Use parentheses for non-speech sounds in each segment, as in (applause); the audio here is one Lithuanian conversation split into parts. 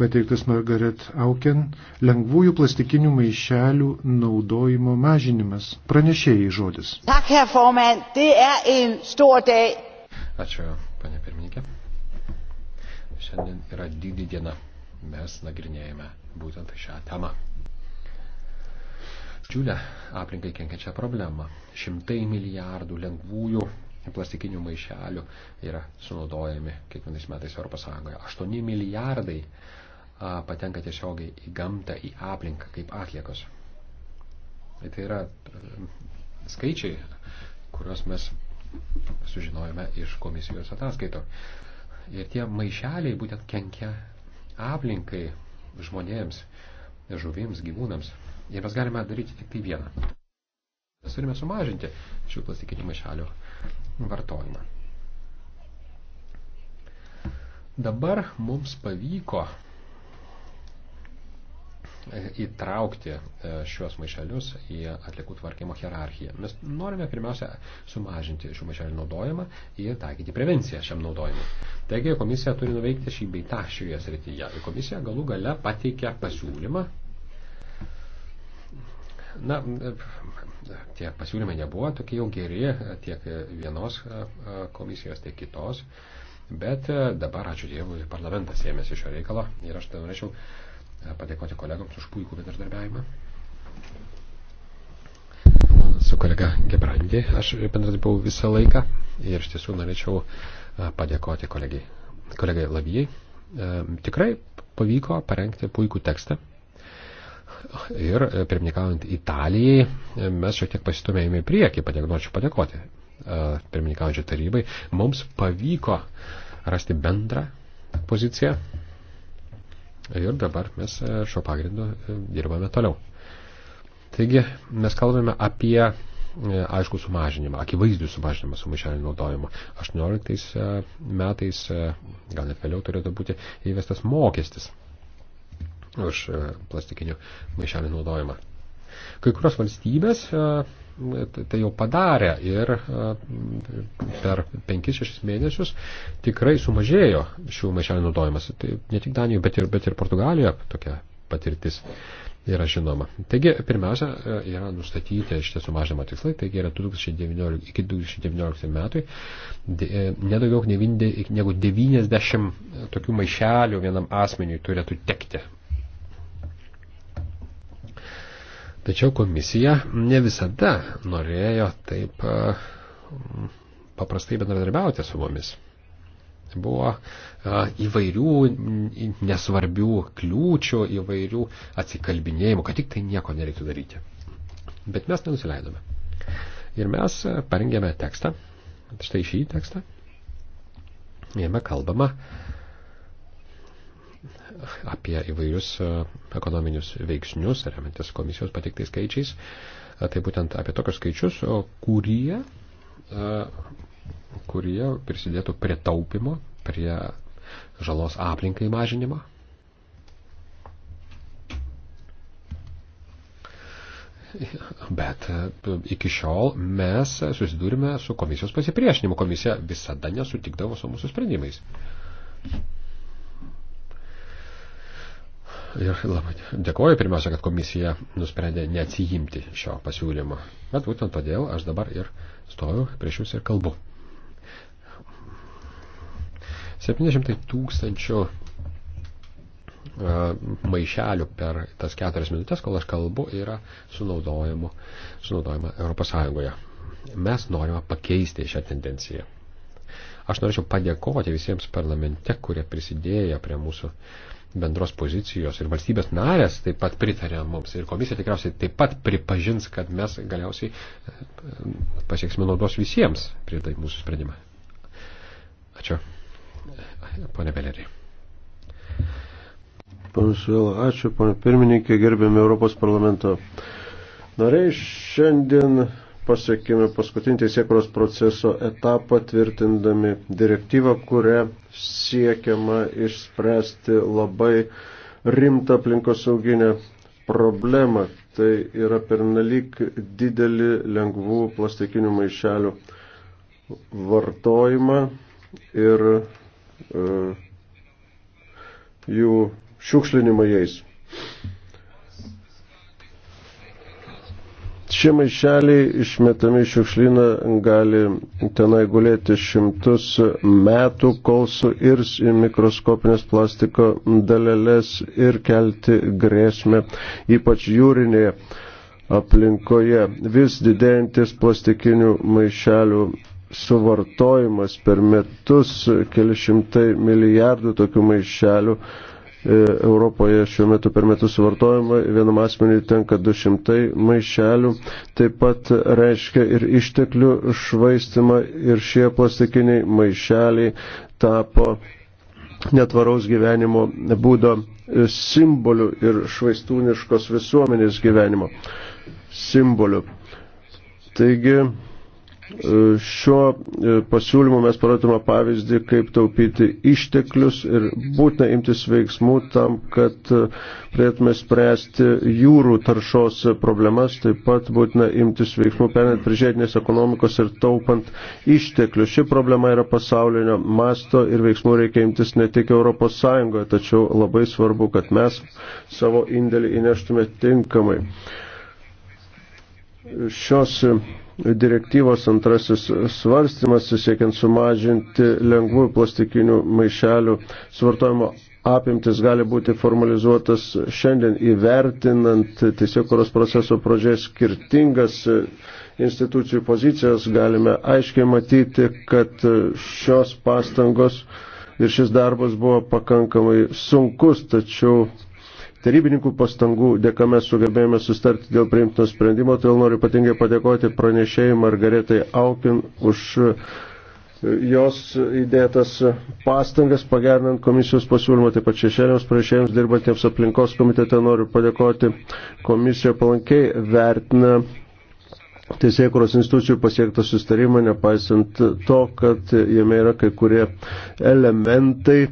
pateiktas Margaret Auken, lengvųjų plastikinių maišelių naudojimo mažinimas. Pranešėjai žodis. Er Ačiū, panė pirmininkė. Šiandien yra didį diena. Mes nagrinėjame būtent šią temą. Džiulę aplinkai kenkiančią problemą. Šimtai milijardų lengvųjų plastikinių maišelių yra sunaudojami kiekvienais metais Europos Sąjungoje. 8 milijardai patenka tiesiogiai į gamtą, į aplinką, kaip atliekos. Tai, tai yra skaičiai, kuriuos mes sužinojome iš komisijos ataskaito. Ir tie maišeliai būtent kenkia aplinkai, žmonėms, žuvims, gyvūnams. Ir mes galime daryti tik tai vieną. Mes turime sumažinti šių plastikinių maišelių vartojimą. Dabar mums pavyko įtraukti e, šios maišelius į atlikų tvarkymo hierarchiją. Mes norime pirmiausia sumažinti šių maišelių naudojimą ir taikyti prevenciją šiam naudojimui. Taigi komisija turi nuveikti šį beitą šioje srityje. Ir komisija galų gale pateikia pasiūlymą. Na, tie pasiūlymai nebuvo tokie jau geri tiek vienos e, e, komisijos, tiek kitos. Bet dabar, ačiū Dievui, parlamentas ėmėsi šio reikalo ir aš tai norėčiau tai padėkoti kolegams už puikų bendradarbiavimą. Su kolega Gebrandi aš bendradarbiavau visą laiką ir iš tiesų norėčiau padėkoti kolegai, kolegai Lavijai. Tikrai pavyko parengti puikų tekstą. Ir pirmininkaujant Italijai mes šiek tiek pasistumėjome į priekį, padėk, norėčiau padėkoti pirmininkaujančiai tarybai. Mums pavyko rasti bendrą poziciją Ir dabar mes e, šio pagrindu e, dirbame toliau. Taigi mes kalbame apie e, aišku sumažinimą, akivaizdų sumažinimą sumušelio naudojimo. 18 metais, gal net vėliau turėtų būti įvestas mokestis už plastikinių maišelių naudojimą. Kai kurios valstybės tai jau padarę ir e, per 5-6 mėnesius tikrai sumažėjo šių maišelių naudojimas. Tai ne tik Danijoje, bet ir, bet ir Portugalijoje tokia patirtis yra žinoma. Taigi, pirmiausia, e, yra nustatyti šitie sumažinimo tikslai, taigi yra 2019, iki 2019 metų e, nedaugiau negu 90 tokių maišelių vienam asmeniui turėtų tekti Tačiau komisija ne visada norėjo taip e, paprastai bendradarbiauti su mumis. Buvo e, įvairių nesvarbių kliūčių, įvairių atsikalbinėjimų, kad tik tai nieko nereiktų daryti. Bet mes nenusileidome. Ir mes parengėme tekstą, štai šį tekstą, jame kalbama apie įvairius e, ekonominius veiksnius, remiantis komisijos patiktais skaičiais. E, tai būtent apie tokius skaičius, kurie, e, kurie prisidėtų prie taupimo, prie žalos aplinkai mažinimo. Bet iki šiol mes susidūrime su komisijos pasipriešinimu. Komisija visada nesutikdavo su mūsų sprendimais. Ir labai dėkoju pirmiausia, kad komisija nusprendė neatsijimti šio pasiūlymo. Bet būtent todėl aš dabar ir stoju prieš jūs ir kalbu. 700 tūkstančių e, maišelių per tas keturias minutės, kol aš kalbu, yra sunaudojama, sunaudojama Europos Sąjungoje. Mes norime pakeisti šią tendenciją. Aš norėčiau padėkoti visiems parlamente, kurie prisidėjo prie mūsų uh, bendros pozicijos ir valstybės narės taip pat pritarė mums ir komisija tikriausiai taip pat pripažins, kad mes galiausiai e, pasieksime naudos visiems prie tai mūsų sprendimą. Ačiū. Pone Belerį. Panas Vėl, ačiū, pane pirmininkė, gerbėme Europos parlamento. Nariai šiandien pasiekėme paskutinį teisėkros proceso etapą tvirtindami direktyvą, kuria siekiama išspręsti labai rimtą aplinkosauginę problemą. Tai yra pernelyg didelį lengvų plastikinių maišelių vartojimą ir e, jų šiukšlinimą jais. Šie maišeliai išmetami šiukšlyną gali tenai gulėti šimtus metų, kol suirs į mikroskopinės plastiko dalelės ir kelti grėsmę, ypač jūrinėje aplinkoje. Vis didėjantis plastikinių maišelių suvartojimas per metus keli šimtai milijardų tokių maišelių E, Europoje šiuo metu per metus suvartojama, vienam asmeniui tenka 200 maišelių, taip pat reiškia ir išteklių švaistimą ir šie plastikiniai maišeliai tapo netvaraus gyvenimo būdo simboliu ir švaistūniškos visuomenės gyvenimo simboliu. Taigi, Šiuo e, pasiūlymu mes parodome pavyzdį, kaip taupyti išteklius ir būtina imtis veiksmų tam, kad prietume e, spręsti jūrų taršos problemas, taip pat būtina imtis veiksmų perinant prie žiedinės ekonomikos ir taupant išteklius. Ši problema yra pasaulinio masto ir veiksmų reikia imtis ne tik Europos Sąjungoje, tačiau labai svarbu, kad mes savo indėlį įneštume tinkamai. Šios direktyvos antrasis svarstymas, siekiant sumažinti lengvųjų plastikinių maišelių svartojimo apimtis, gali būti formalizuotas šiandien įvertinant tiesiog kuros proceso pradžioje skirtingas institucijų pozicijas, galime aiškiai matyti, kad šios pastangos ir šis darbas buvo pakankamai sunkus, tačiau Tarybininkų pastangų dėka mes sugebėjome sustarti dėl priimtino sprendimo, todėl noriu ypatingai padėkoti pranešėjai Margaretai Aukin už e, jos įdėtas pastangas pagernant komisijos pasiūlymą, taip pat šešėliams pranešėjams dirbantiems aplinkos komitete noriu padėkoti. Komisija palankiai vertina teisėkuros institucijų pasiektą sustarimą, nepaisant to, kad jame yra kai kurie elementai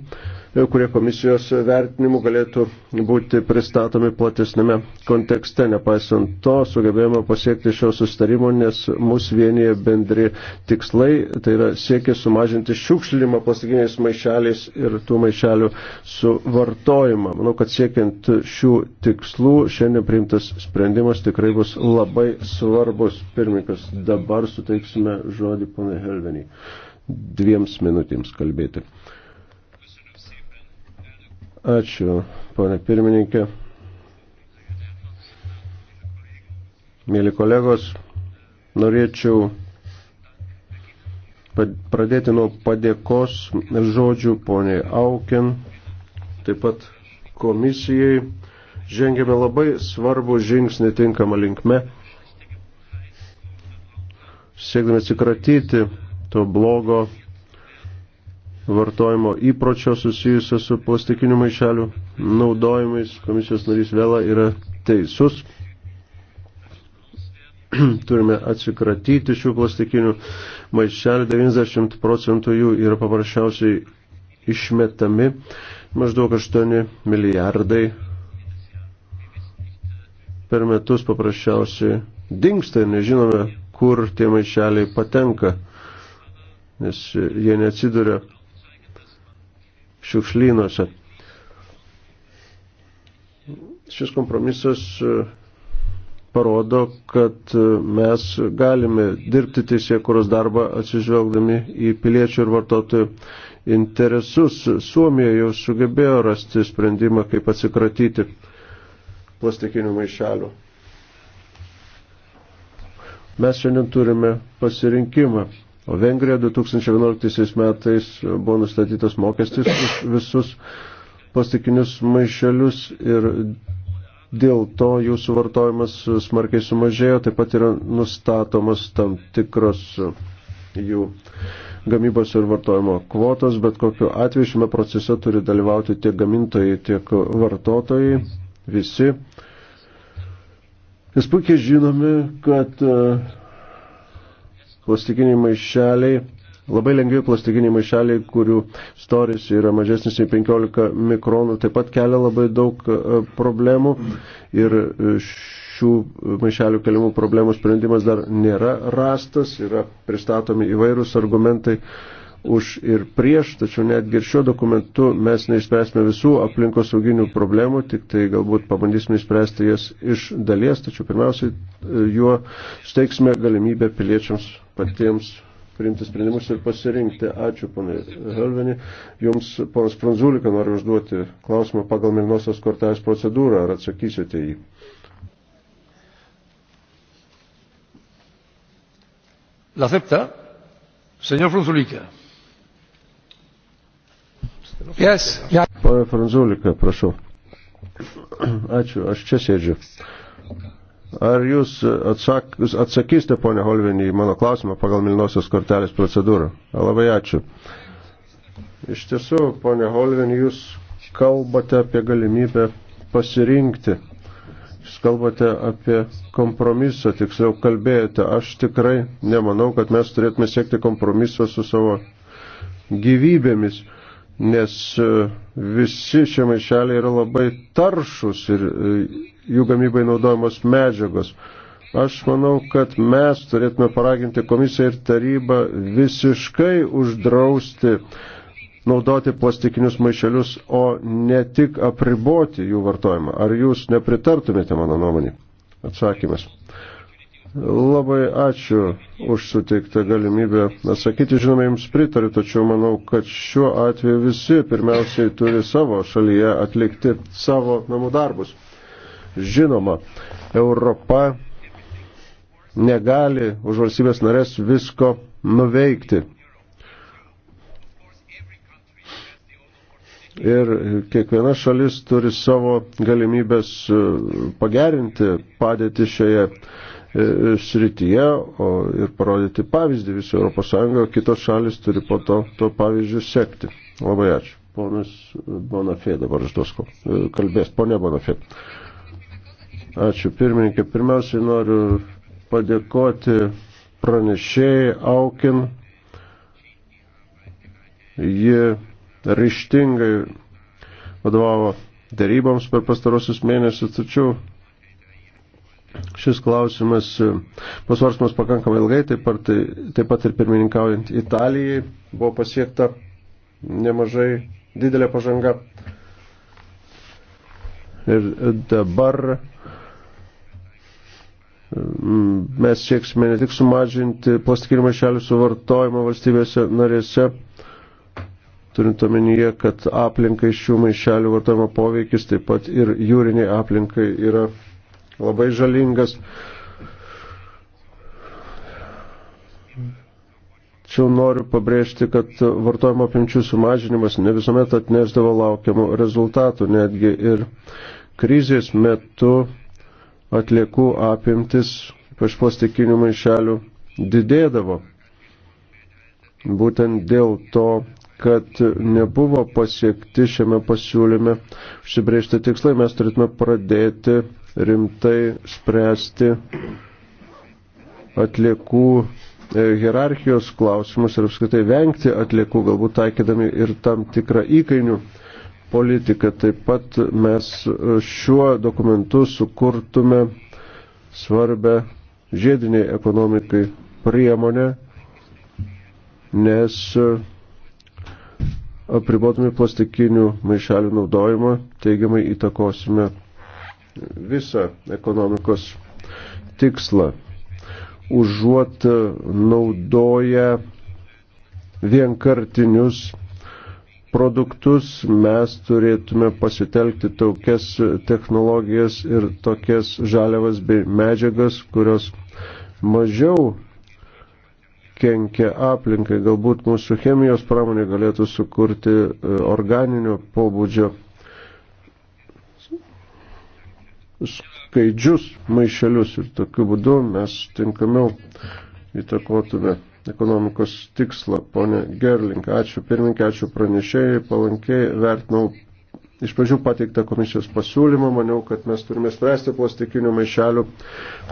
kurie komisijos vertinimu galėtų būti pristatomi platesnėme kontekste. Nepaisant to, sugebėjome pasiekti šio sustarimo, nes mus vienyje bendri tikslai, tai yra siekia sumažinti šiukšlimą plastikiniais maišeliais ir tų maišelių suvartojimą. Manau, kad siekiant šių tikslų, šiandien priimtas sprendimas tikrai bus labai svarbus. Pirmininkas, dabar suteiksime žodį ponai Helvenį. Dviems minutėms kalbėti. Ačiū, ponė pirmininkė. Mėly kolegos, norėčiau pradėti nuo padėkos žodžių poniai Auken, taip pat komisijai. Žengėme labai svarbų žingsnį tinkamą linkme, siekdami atsikratyti to blogo vartojimo įpročio susijusio su plastikinių maišelių naudojimais. Komisijos narys Vela yra teisus. (clears throat) Turime atsikratyti šių plastikinių maišelių. 90 procentų jų yra paprasčiausiai išmetami. Maždaug 8 milijardai per metus paprasčiausiai dinksta ir nežinome, kur tie maišeliai patenka, nes jie neatsiduria šiukšlynuose. Šis kompromisas e, parodo, kad e, mes galime dirbti teisėkuros darbą atsižvelgdami į piliečių ir vartotojų interesus. Suomija jau sugebėjo rasti sprendimą, kaip atsikratyti plastikinių maišelių. Mes šiandien turime pasirinkimą. O Vengrija 2011 metais buvo nustatytas mokestis už visus plastikinius maišelius ir dėl to jų suvartojimas smarkiai sumažėjo, taip pat yra nustatomas tam tikros jų gamybos ir vartojimo kvotos, bet kokiu atveju šiame procese turi dalyvauti tiek gamintojai, tiek vartotojai, visi. Mes puikiai žinome, kad uh, plastikiniai maišeliai, labai lengvi plastikiniai maišeliai, kurių storis yra mažesnis nei 15 mikronų, taip pat kelia labai daug e, problemų ir e, šių maišelių keliamų problemų sprendimas dar nėra rastas, yra pristatomi įvairūs argumentai už ir prieš, tačiau netgi ir šiuo dokumentu mes neišspręsime visų aplinkosauginių problemų, tik tai galbūt pabandysime išspręsti jas iš dalies, tačiau pirmiausiai e, juo steiksime galimybę piliečiams patiems priimti sprendimus ir pasirinkti. Ačiū, ponai Helveni. Jums, ponas Pranzulika, noriu užduoti klausimą pagal Milnosios kortelės procedūrą. Ar atsakysite jį? L'acepta? Señor Frunzulica. Yes, yeah. Pane Franzulika, prašau. Ačiū, aš čia sėdžiu. Ar jūs atsak, atsakysite, ponia Holvinį, į mano klausimą pagal Milnosios kortelės procedūrą? Labai ačiū. Iš tiesų, ponia Holvinį, jūs kalbate apie galimybę pasirinkti. Jūs kalbate apie kompromisą, tiksliau kalbėjote. Aš tikrai nemanau, kad mes turėtume siekti kompromiso su savo gyvybėmis nes e, visi šie maišeliai yra labai taršus ir e, jų gamybai naudojamos medžiagos. Aš manau, kad mes turėtume paraginti komisiją ir tarybą visiškai uždrausti naudoti plastikinius maišelius, o ne tik apriboti jų vartojimą. Ar jūs nepritartumėte mano nuomonį? Atsakymas. Labai ačiū už suteiktą galimybę atsakyti. Žinoma, jums pritariu, tačiau manau, kad šiuo atveju visi pirmiausiai turi savo šalyje atlikti savo namų darbus. Žinoma, Europa negali už valstybės narės visko nuveikti. Ir kiekviena šalis turi savo galimybės pagerinti padėtį šioje E, srityje o, ir parodyti pavyzdį visą Europos Sąjungą, kitos šalis turi po to, to pavyzdžių sekti. Labai ačiū. Ponas Bonafė dabar išduos e, kalbės. Pone Bonafė. Ačiū pirmininkė. Pirmiausiai noriu padėkoti pranešėjai Aukin. Ji ryštingai vadovavo daryboms per pastarosius mėnesius, tačiau Šis klausimas e, pasvarstamas pakankamai ilgai, taip pat, e, taip pat ir pirmininkaujant Italijai buvo pasiekta nemažai didelė pažanga. Ir dabar e, mes sieksime ne tik sumažinti plastikinių maišelių suvartojimą valstybėse narėse, turint omenyje, kad aplinkai šių maišelių vartojimo poveikis taip pat ir jūriniai aplinkai yra labai žalingas. Čia noriu pabrėžti, kad vartojimo apimčių sumažinimas ne visuomet atnešdavo laukiamų rezultatų, netgi ir krizės metu atliekų apimtis, ypač plastikinių maišelių, didėdavo. Būtent dėl to kad nebuvo pasiekti šiame pasiūlyme užsibriežti tikslai, mes turėtume pradėti rimtai spręsti atliekų e, hierarchijos klausimus ir apskritai vengti atliekų, galbūt taikydami ir tam tikrą įkainių politiką. Taip pat mes e, šiuo dokumentu sukurtume svarbę žiediniai ekonomikai priemonę, nes e, apribodami plastikinių maišelių naudojimą, teigiamai įtakosime visą ekonomikos tikslą. Užuot naudoja vienkartinius produktus mes turėtume pasitelkti tokias technologijas ir tokias žaliavas bei medžiagas, kurios mažiau kenkia aplinkai. Galbūt mūsų chemijos pramonė galėtų sukurti e, organinio pobūdžio skaidžius maišelius ir tokiu būdu mes tinkamiau įtakotume ekonomikos tikslą. Pone Gerling, ačiū pirmininkė, ačiū pranešėjai, palankiai vertinau iš pradžių pateiktą komisijos pasiūlymą, maniau, kad mes turime spręsti plastikinių maišelių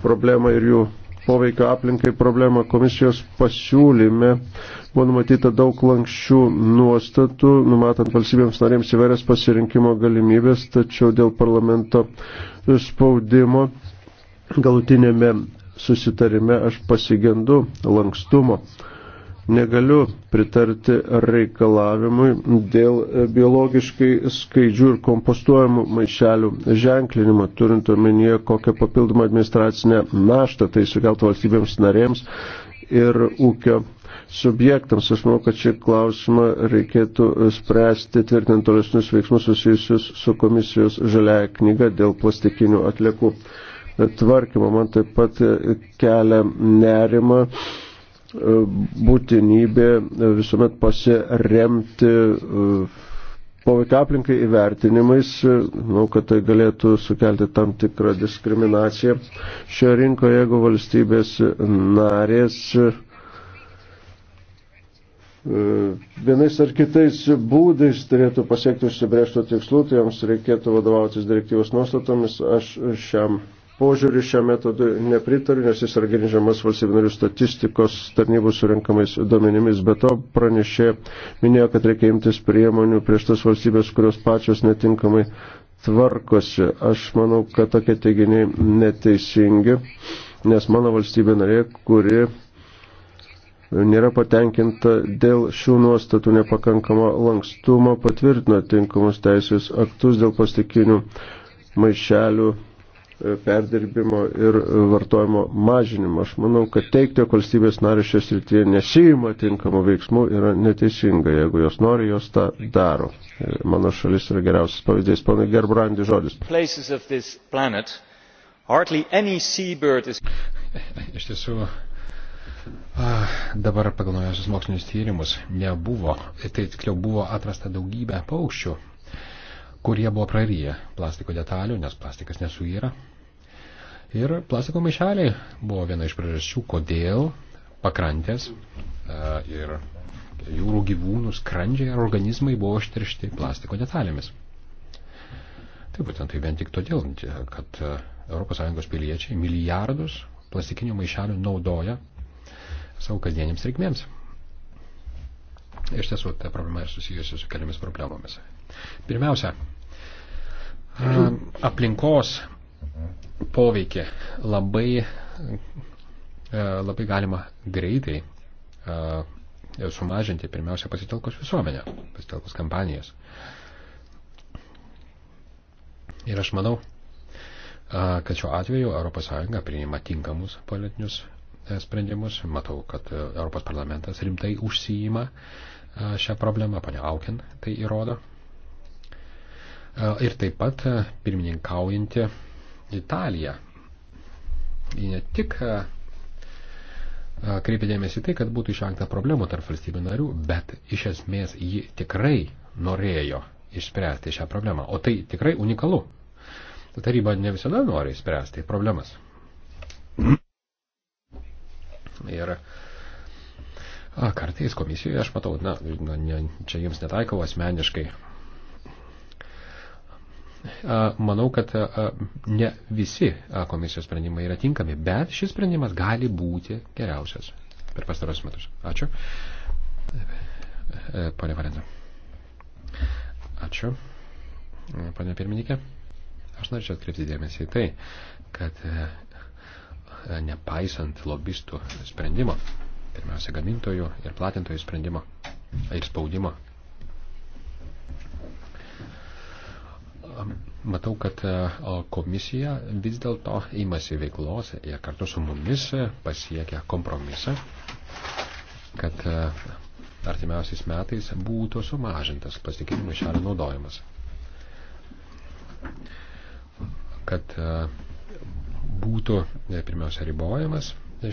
problemą ir jų poveikio aplinkai problemą komisijos pasiūlyme buvo numatyta daug lankščių nuostatų, numatant valstybėms narėms įvairias pasirinkimo galimybės, tačiau dėl parlamento spaudimo galutinėme susitarime aš pasigendu lankstumo negaliu pritarti reikalavimui dėl biologiškai skaidžių ir kompostuojamų maišelių ženklinimo, turint omenyje, kokią papildomą administracinę naštą tai sukeltų valstybėms narėms ir ūkio subjektams. Aš manau, kad šį klausimą reikėtų spręsti tvirtinant tolesnius veiksmus susijusius su komisijos žaliaja knyga dėl plastikinių atliekų tvarkymo. Man taip pat kelia nerima E, būtinybė visuomet pasiremti e, poveikio aplinkai įvertinimais, e, manau, kad tai galėtų sukelti tam tikrą diskriminaciją šio rinkoje, jeigu valstybės narės vienais ar kitais būdais turėtų pasiekti užsibrėžto tikslų, tai joms reikėtų vadovautis direktyvos nuostatomis. Aš šiam požiūrį šią metodą nepritariu, nes jis yra grindžiamas valstybinarių statistikos tarnybų surinkamais duomenimis. Be to pranešė, minėjo, kad reikia imtis priemonių prieš tas valstybės, kurios pačios netinkamai tvarkosi. Aš manau, kad tokie teiginiai neteisingi, nes mano valstybė narė, kuri nėra patenkinta dėl šių nuostatų nepakankamo lankstumo, patvirtino tinkamus teisės aktus dėl plastikinių maišelių E, perdirbimo ir e, vartojimo mažinimo. Aš manau, kad teikti, jog valstybės narės šios rytyje nesijima tinkamų veiksmų yra neteisinga. Jeigu jos nori, jos tą daro. E, mano šalis yra geriausias pavyzdys. Pana Gerbrandi žodis. Planet, is... Iš tiesų, dabar pagal naujosius mokslinius tyrimus nebuvo, tai tikliau buvo atrasta daugybė paukščių kurie buvo prariję plastiko detalių, nes plastikas nesuyra. Ir plastiko maišeliai buvo viena iš priežasčių, kodėl pakrantės e, ir jūrų gyvūnų skrandžiai ir organizmai buvo užteršti plastiko detalėmis. Tai būtent tai vien tik todėl, kad ES piliečiai milijardus plastikinių maišelių naudoja savo kasdienėms reikmėms. Iš tiesų, ta problema yra susijusi su keliomis problemomis. Pirmiausia, aplinkos poveikį labai, e, labai galima greitai e, sumažinti, pirmiausia, pasitelkus visuomenę, pasitelkus kampanijas. Ir aš manau, e, kad šiuo atveju ES priima tinkamus politinius sprendimus. Matau, kad Europos parlamentas rimtai užsijima šią problemą, ponia Aukin tai įrodo. E, ir taip pat e, pirmininkaujanti Italija. Ji ne tik e, kreipia dėmesį tai, kad būtų išvengta problemų tarp valstybių narių, bet iš esmės ji tikrai norėjo išspręsti šią problemą. O tai tikrai unikalu. Taryba ne visada nori išspręsti problemas. Ir a, kartais komisijoje aš matau, na, na ne, čia jums netaikau asmeniškai manau, kad ne visi komisijos sprendimai yra tinkami, bet šis sprendimas gali būti geriausias per pastarosius metus. Ačiū. E, Pane Valenta. Ačiū. E, Pane pirmininkė, aš norėčiau atkreipti dėmesį į tai, kad e, nepaisant lobistų sprendimo, pirmiausia gamintojų ir platintojų sprendimo ir spaudimo, matau, kad e, komisija vis dėlto imasi veiklos ir kartu su mumis pasiekia kompromisą, kad e, artimiausiais metais būtų sumažintas plastikinių maišelių naudojimas. Kad e, būtų pirmiausia ribojamas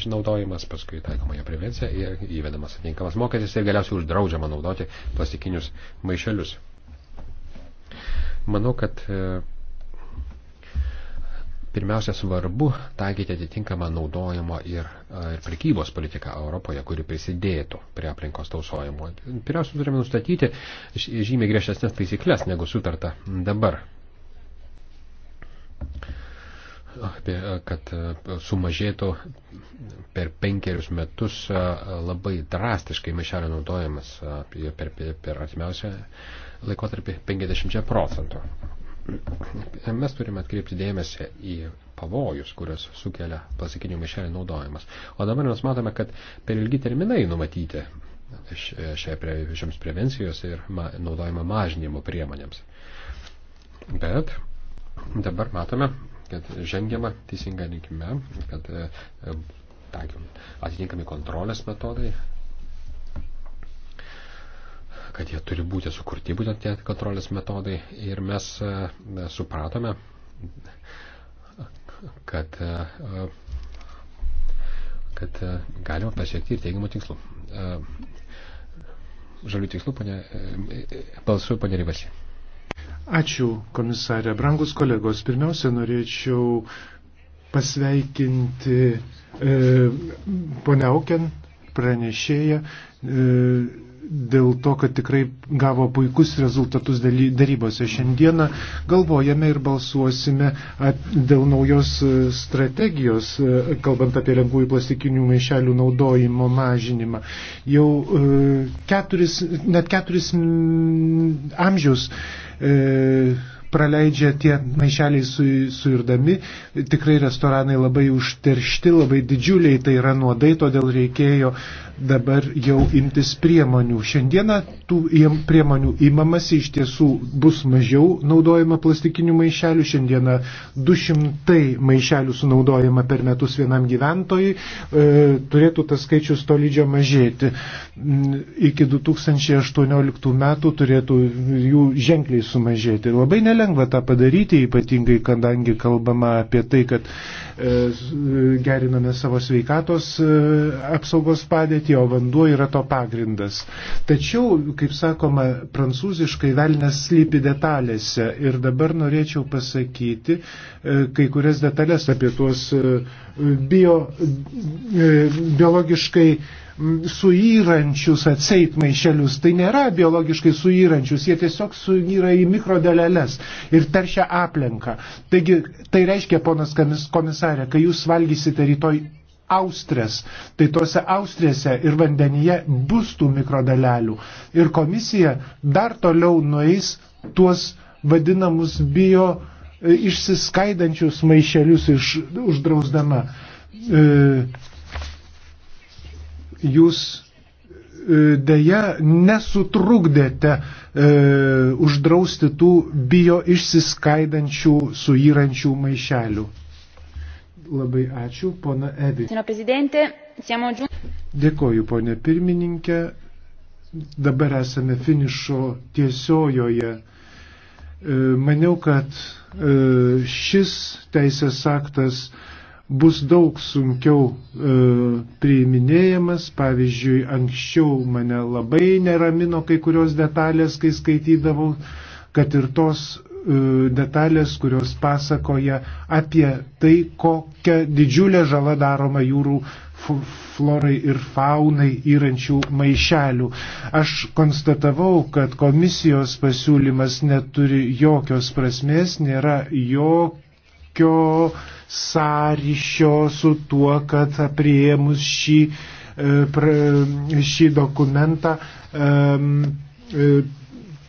naudojimas, paskui taikoma jo prevencija ir įvedamas atinkamas mokestis ir galiausiai uždraudžiama naudoti plastikinius maišelius. Manau, kad e, pirmiausia svarbu taikyti atitinkamą naudojimo ir, e, ir prekybos politiką Europoje, kuri prisidėtų prie aplinkos tausojimo. Pirmiausia, turime nustatyti žymiai griežtesnės taisyklės, negu sutarta dabar. Apie, e, kad sumažėtų per penkerius metus labai drastiškai mišelio naudojimas per, per, per artimiausią laikotarpį 50 procentų. Mes turime atkreipti dėmesį į pavojus, kurios sukelia plastikinių mišelių naudojimas. O dabar mes matome, kad per ilgi terminai numatyti šiems prevencijos ir naudojimo mažinimo priemonėms. Bet dabar matome, kad žengiama teisinga linkme, kad e, atitinkami kontrolės metodai kad jie turi būti sukurti būtent tie kontrolės metodai. Ir mes e, supratome, kad, e, kad e, galima pasiekti ir teigiamų tikslų. Žalių tikslų, ponė, balsuoju, ponė Rivasi. Ačiū, komisarė. Brangus kolegos, pirmiausia, norėčiau pasveikinti e, ponę Auken, pranešėją. E, dėl to, kad tikrai gavo puikus rezultatus darybose. Šiandieną galvojame ir balsuosime dėl naujos e, strategijos, e, kalbant apie lengvųjų plastikinių maišelių naudojimo mažinimą. Jau e, keturis, net keturis amžius praleidžia tie maišeliai su, suirdami. Tikrai restoranai labai užteršti, labai didžiuliai tai yra nuodai, todėl reikėjo dabar jau imtis priemonių. Šiandieną tų priemonių imamasi iš tiesų bus mažiau naudojama plastikinių maišelių. Šiandieną 200 maišelių sunaudojama per metus vienam gyventojui. E, turėtų tas skaičius tolydžio mažėti. Iki 2018 metų turėtų jų ženkliai sumažėti. Labai nelengva nelengva tą padaryti, ypatingai, kadangi kalbama apie tai, kad e, geriname savo sveikatos e, apsaugos padėtį, o vanduo yra to pagrindas. Tačiau, kaip sakoma, prancūziškai velnės slypi detalėse ir dabar norėčiau pasakyti e, kai kurias detalės apie tuos e, bio, e, biologiškai suyrančius atseit maišelius. Tai nėra biologiškai suyrančius, jie tiesiog suyra į mikrodeleles ir teršia aplinką. Taigi, tai reiškia, ponas komisarė, kai jūs valgysite rytoj austrės, tai tose austrėse ir vandenyje bus tų mikrodalelių. Ir komisija dar toliau nueis tuos vadinamus bio išsiskaidančius maišelius iš, uždrausdama. E, jūs e, dėja nesutrukdėte e, uždrausti tų bio išsiskaidančių, suyrančių maišelių. Labai ačiū, pona Evi. Dėkoju, ponė pirmininkė. Dabar esame finišo tiesiojoje. E, maniau, kad e, šis teisės aktas e, bus daug sunkiau e, priiminėjamas. Pavyzdžiui, anksčiau mane labai neramino kai kurios detalės, kai skaitydavau, kad ir tos e, detalės, kurios pasakoja apie tai, kokia didžiulė žala daroma jūrų florai ir faunai įrančių maišelių. Aš konstatavau, kad komisijos pasiūlymas neturi jokios prasmės, nėra jokio sąryšio su tuo, kad prieimus šį, e, šį dokumentą e,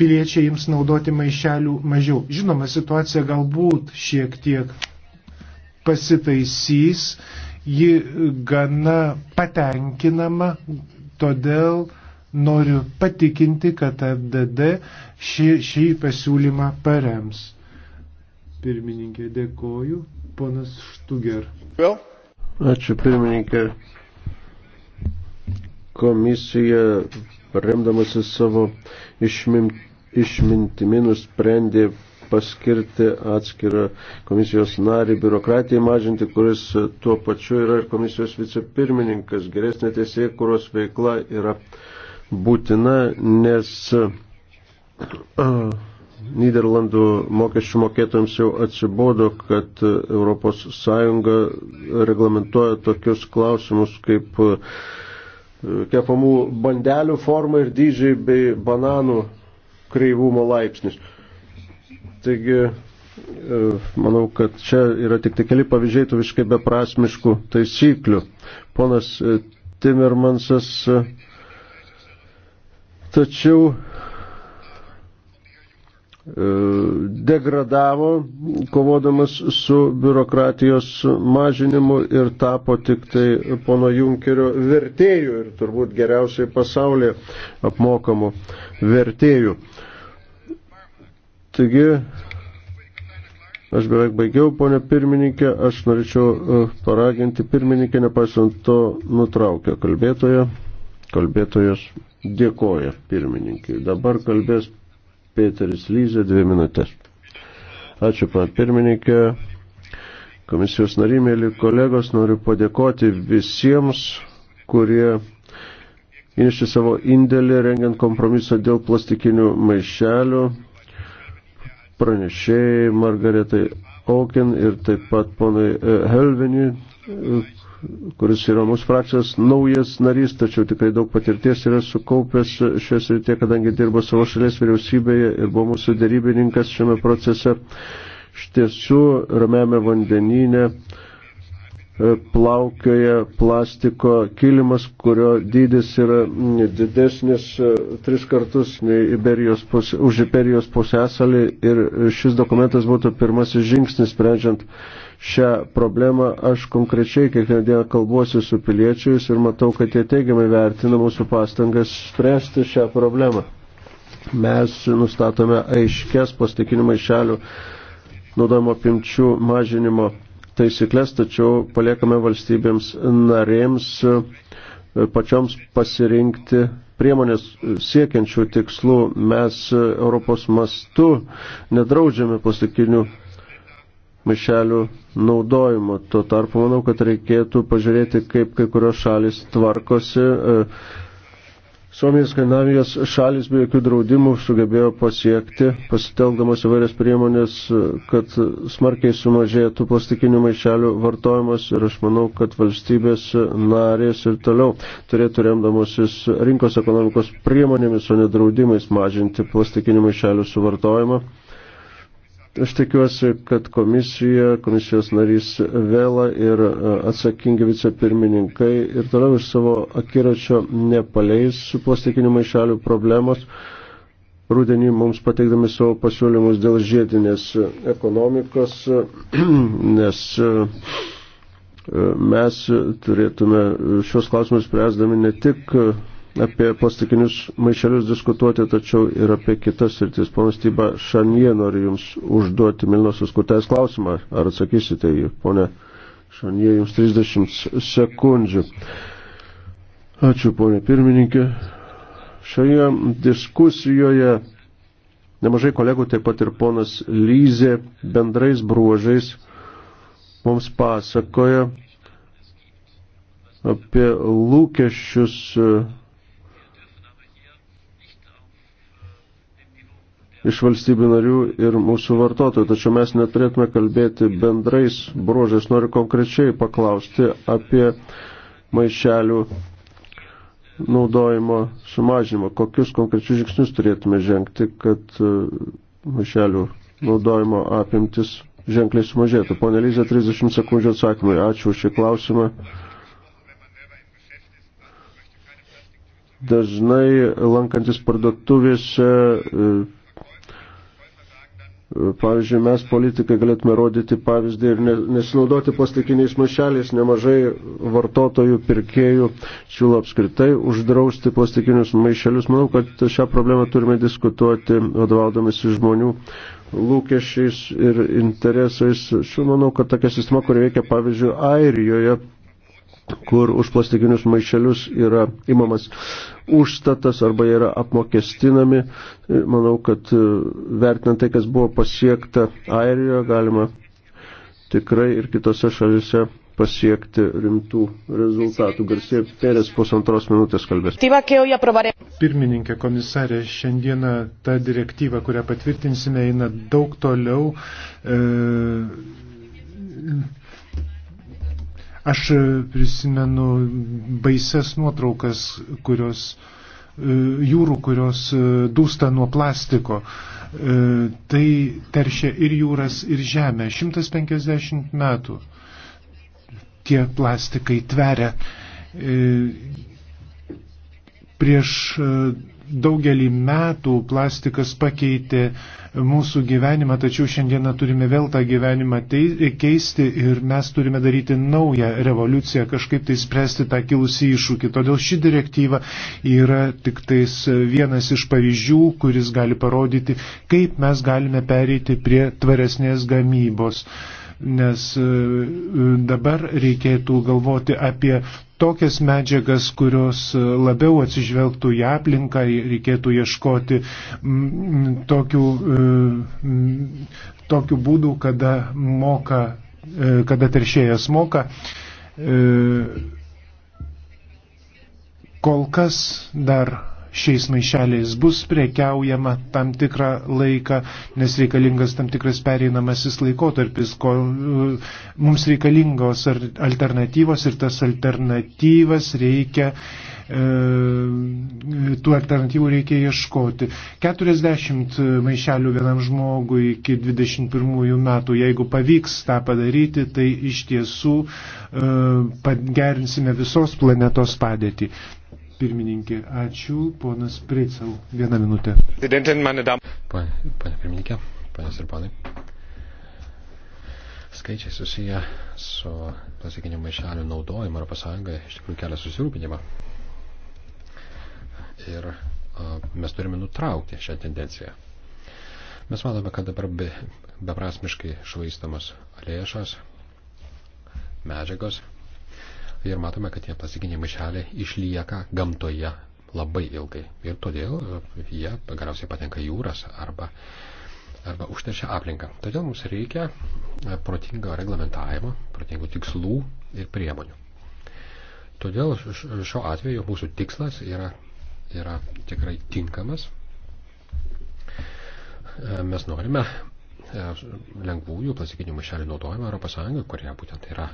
piliečiai jums naudoti maišelių mažiau. Žinoma, situacija galbūt šiek tiek pasitaisys, ji gana patenkinama, todėl noriu patikinti, kad FDD šį, šį pasiūlymą parems. Pirmininkė, dėkoju. Ponas Štuger. Vėl? Ačiū pirmininkė. Komisija, remdamasi savo išmim, išmintimi, nusprendė paskirti atskirą komisijos narį biurokratijai mažinti, kuris tuo pačiu yra ir komisijos vicepirmininkas. Geresnė teisėjai, kurios veikla yra būtina, nes. Uh, Niderlandų mokesčių mokėtojams jau atsibodo, kad ES reglamentuoja tokius klausimus kaip e, kepamų bandelių forma ir dydžiai bei bananų kreivumo laipsnis. Taigi, e, manau, kad čia yra tik tai keli pavyzdžiai tų visiškai beprasmiškų taisyklių. Ponas e, Timermansas tačiau E, degradavo, kovodamas su biurokratijos mažinimu ir tapo tik tai pono Junkerio vertėjų ir turbūt geriausiai pasaulyje apmokamų vertėjų. Taigi, aš beveik baigiau, ponė pirmininkė, aš norėčiau e, paraginti pirmininkę, nepaisant to nutraukę kalbėtoją. Kalbėtojas dėkoja pirmininkai. Dabar kalbės Peteris Lyzė, dvi minutės. Ačiū, pan pirmininkė. Komisijos narimėlį kolegos noriu padėkoti visiems, kurie įnešė savo indėlį rengiant kompromisą dėl plastikinių maišelių. Pranešėjai Margaretai Auken ir taip pat ponai e, Helvini, kuris yra mūsų frakcijos naujas narys, tačiau tikrai daug patirties yra sukaupęs šioje srityje, kadangi dirbo savo šalies vyriausybėje ir buvo mūsų darybininkas šiame procese. Štiesų, ramiame vandenyne e, plaukioja plastiko kilimas, kurio dydis yra didesnis e, tris kartus nei Iberijos pusė, už Iberijos pusęsalį ir šis dokumentas būtų pirmasis žingsnis sprendžiant šią problemą. Aš konkrečiai kiekvieną dieną kalbuosiu su piliečiais ir matau, kad jie teigiamai vertina mūsų pastangas spręsti šią problemą. Mes nustatome aiškės plastikinių maišelių naudojimo apimčių mažinimo taisyklės, tačiau paliekame valstybėms narėms e, pačioms pasirinkti priemonės siekiančių tikslų. Mes Europos mastu nedraudžiame plastikinių maišelių naudojimo. Tuo tarpu manau, kad reikėtų pažiūrėti, kaip kai kurios šalis tvarkosi. E, Suomijos Skandinavijos šalis be jokių draudimų sugebėjo pasiekti, pasitelkdamas įvairias priemonės, e, kad smarkiai sumažėtų plastikinių maišelių vartojimas ir aš manau, kad valstybės narės ir toliau turėtų remdamosis rinkos ekonomikos priemonėmis, o ne draudimais mažinti plastikinių maišelių suvartojimą. Aš tikiuosi, kad komisija, komisijos narys Vela ir e, atsakingi vicepirmininkai ir toliau iš savo akiračio nepaleis plastikinių maišelių problemos. Rūdienį mums pateikdami savo pasiūlymus dėl žiedinės ekonomikos, (clears throat) nes e, e, mes turėtume šios klausimus spręsdami ne tik apie plastikinius maišelius diskutuoti, tačiau ir apie kitas sritis. Ponas Tyba, Šanie noriu Jums užduoti Milnosios kurtais klausimą. Ar atsakysite jį, ponė Šanie, Jums 30 sekundžių. Ačiū, ponė pirmininkė. Šioje diskusijoje nemažai kolegų, taip pat ir ponas Lyzė, bendrais bruožais mums pasakoja apie lūkesčius iš valstybių narių ir mūsų vartotojų. Tačiau mes neturėtume kalbėti bendrais bruožais. Noriu konkrečiai paklausti apie maišelių naudojimo sumažinimą. Kokius konkrečius žingsnius turėtume žengti, kad e, maišelių naudojimo apimtis ženkliai sumažėtų. Pone Lyze, 30 sekundžių atsakymai. Ačiū už šį klausimą. Dažnai lankantis parduotuvėse e, Pavyzdžiui, mes politikai galėtume rodyti pavyzdį ir nesinaudoti plastikiniais maišeliais. Nemažai vartotojų, pirkėjų siūlo apskritai uždrausti plastikinius maišelius. Manau, kad šią problemą turime diskutuoti vadovaudomis žmonių lūkesčiais ir interesais. Šiuo manau, kad tokia sistema, kuri veikia pavyzdžiui Airijoje, kur už plastikinius maišelius yra imamas užstatas arba yra apmokestinami. Manau, kad e, vertinant tai, kas buvo pasiekta Airijoje, galima tikrai ir kitose šalise pasiekti rimtų rezultatų. Garsė Perės pusantros minutės kalbės. Pirmininkė komisarė, šiandieną ta direktyva, kurią patvirtinsime, eina daug toliau. E, Aš e, prisimenu baises nuotraukas, kurios e, jūrų, kurios e, dūsta nuo plastiko. Tai teršia ir jūras, ir žemę. 150 metų tie plastikai tveria. Prieš daugelį metų plastikas pakeitė mūsų gyvenimą, tačiau šiandieną turime vėl tą gyvenimą keisti ir mes turime daryti naują revoliuciją, kažkaip tai spręsti tą kilusį iššūkį. Todėl ši direktyva yra tik tais vienas iš pavyzdžių, kuris gali parodyti, kaip mes galime pereiti prie tvaresnės gamybos. Uh, nes e, e, dabar reikėtų galvoti apie tokias medžiagas, kurios e, labiau atsižvelgtų į aplinką, reikėtų ieškoti tokių, tokių būdų, kada, moka, kada teršėjas moka. Kol kas dar šiais maišeliais bus prekiaujama tam tikrą laiką, nes reikalingas tam tikras pereinamasis laikotarpis, ko uh, mums reikalingos alternatyvos ir tas alternatyvas reikia uh, tų alternatyvų reikia ieškoti. 40 maišelių vienam žmogui iki 21 metų, jeigu pavyks tą padaryti, tai iš tiesų uh, pagerinsime visos planetos padėtį. Pirmininkė, ačiū. Ponas Preicau, vieną minutę. Pane, pane pirmininkė, panas ir panai. Skaičiai susiję su plastikinių maišelių naudojimu Europos Sąjungoje iš tikrųjų kelia susirūpinimą. Ir a, mes turime nutraukti šią tendenciją. Mes matome, kad dabar be, beprasmiškai švaistamos lėšos, medžiagos ir matome, kad tie plastikiniai maišeliai išlieka gamtoje labai ilgai. Ir todėl e, jie galiausiai patenka į jūras arba, arba užteršia aplinką. Todėl mums reikia e, protingo reglamentavimo, protingų tikslų ir priemonių. Todėl šiuo atveju mūsų tikslas yra, yra tikrai tinkamas. E, mes norime lengvųjų plastikinių maišelių naudojimą ES, kurie būtent yra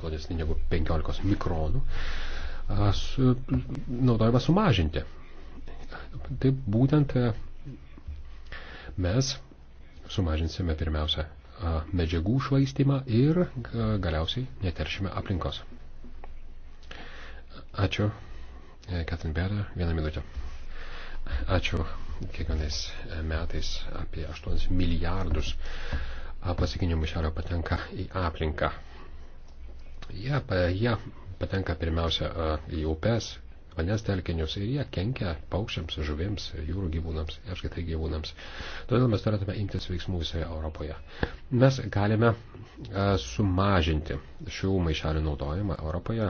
plonesni negu 15 mikronų, su, naudojama sumažinti. Tai būtent e, mes sumažinsime pirmiausia medžiagų švaistimą ir galiausiai neteršime aplinkos. Ačiū, Katrin e, Bėda, vieną minutę. Ačiū kiekvienais metais apie 8 milijardus plastikinių maišelio patenka į aplinką jie, jie patenka pirmiausia į upes, vandens telkinius ir jie kenkia paukščiams, žuvims, jūrų gyvūnams ir apskritai gyvūnams. Todėl mes turėtume imtis veiksmų visoje Europoje. Mes galime sumažinti šių maišelių naudojimą Europoje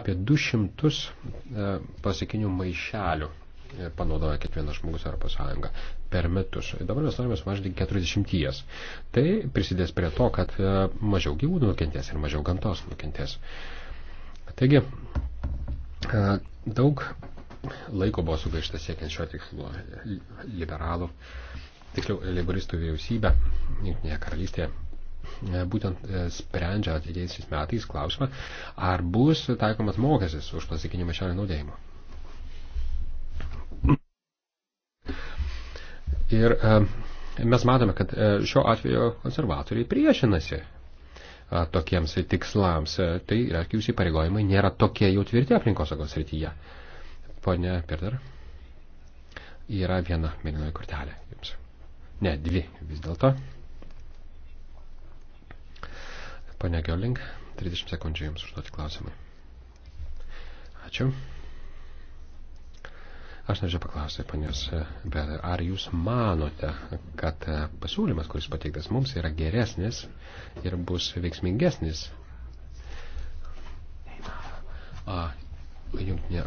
apie 200 plastikinių maišelių e, panaudoja kiekvienas žmogus Europos Sąjunga per metus. Dabar mes norime sumažinti 40. Tai prisidės prie to, kad e, mažiau gyvūnų nukentės ir mažiau gamtos nukentės. Taigi, e, daug laiko buvo sugaišta siekiant šio tikslo liberalų, tiksliau, leiboristų vyriausybė, Junktinėje karalystėje e, būtent sprendžia ateitais metais klausimą, ar bus taikomas mokestis už plastikinį maišelį naudėjimą. Ir e, mes matome, kad e, šiuo atveju konservatoriai priešinasi e, tokiems tikslams. Tai reiškia, jūsų įpareigojimai nėra tokie jau tvirti aplinkosaugos rytyje. Pone Pirdar, yra viena mėlynoji kortelė jums. Ne, dvi vis dėlto. Pane Gerling, 30 sekundžių jums užduoti klausimai. Ačiū. Aš norėčiau paklausti, panios, e, bet ar jūs manote, kad e, pasiūlymas, kuris pateiktas mums, yra geresnis ir bus veiksmingesnis? A, jungtinė,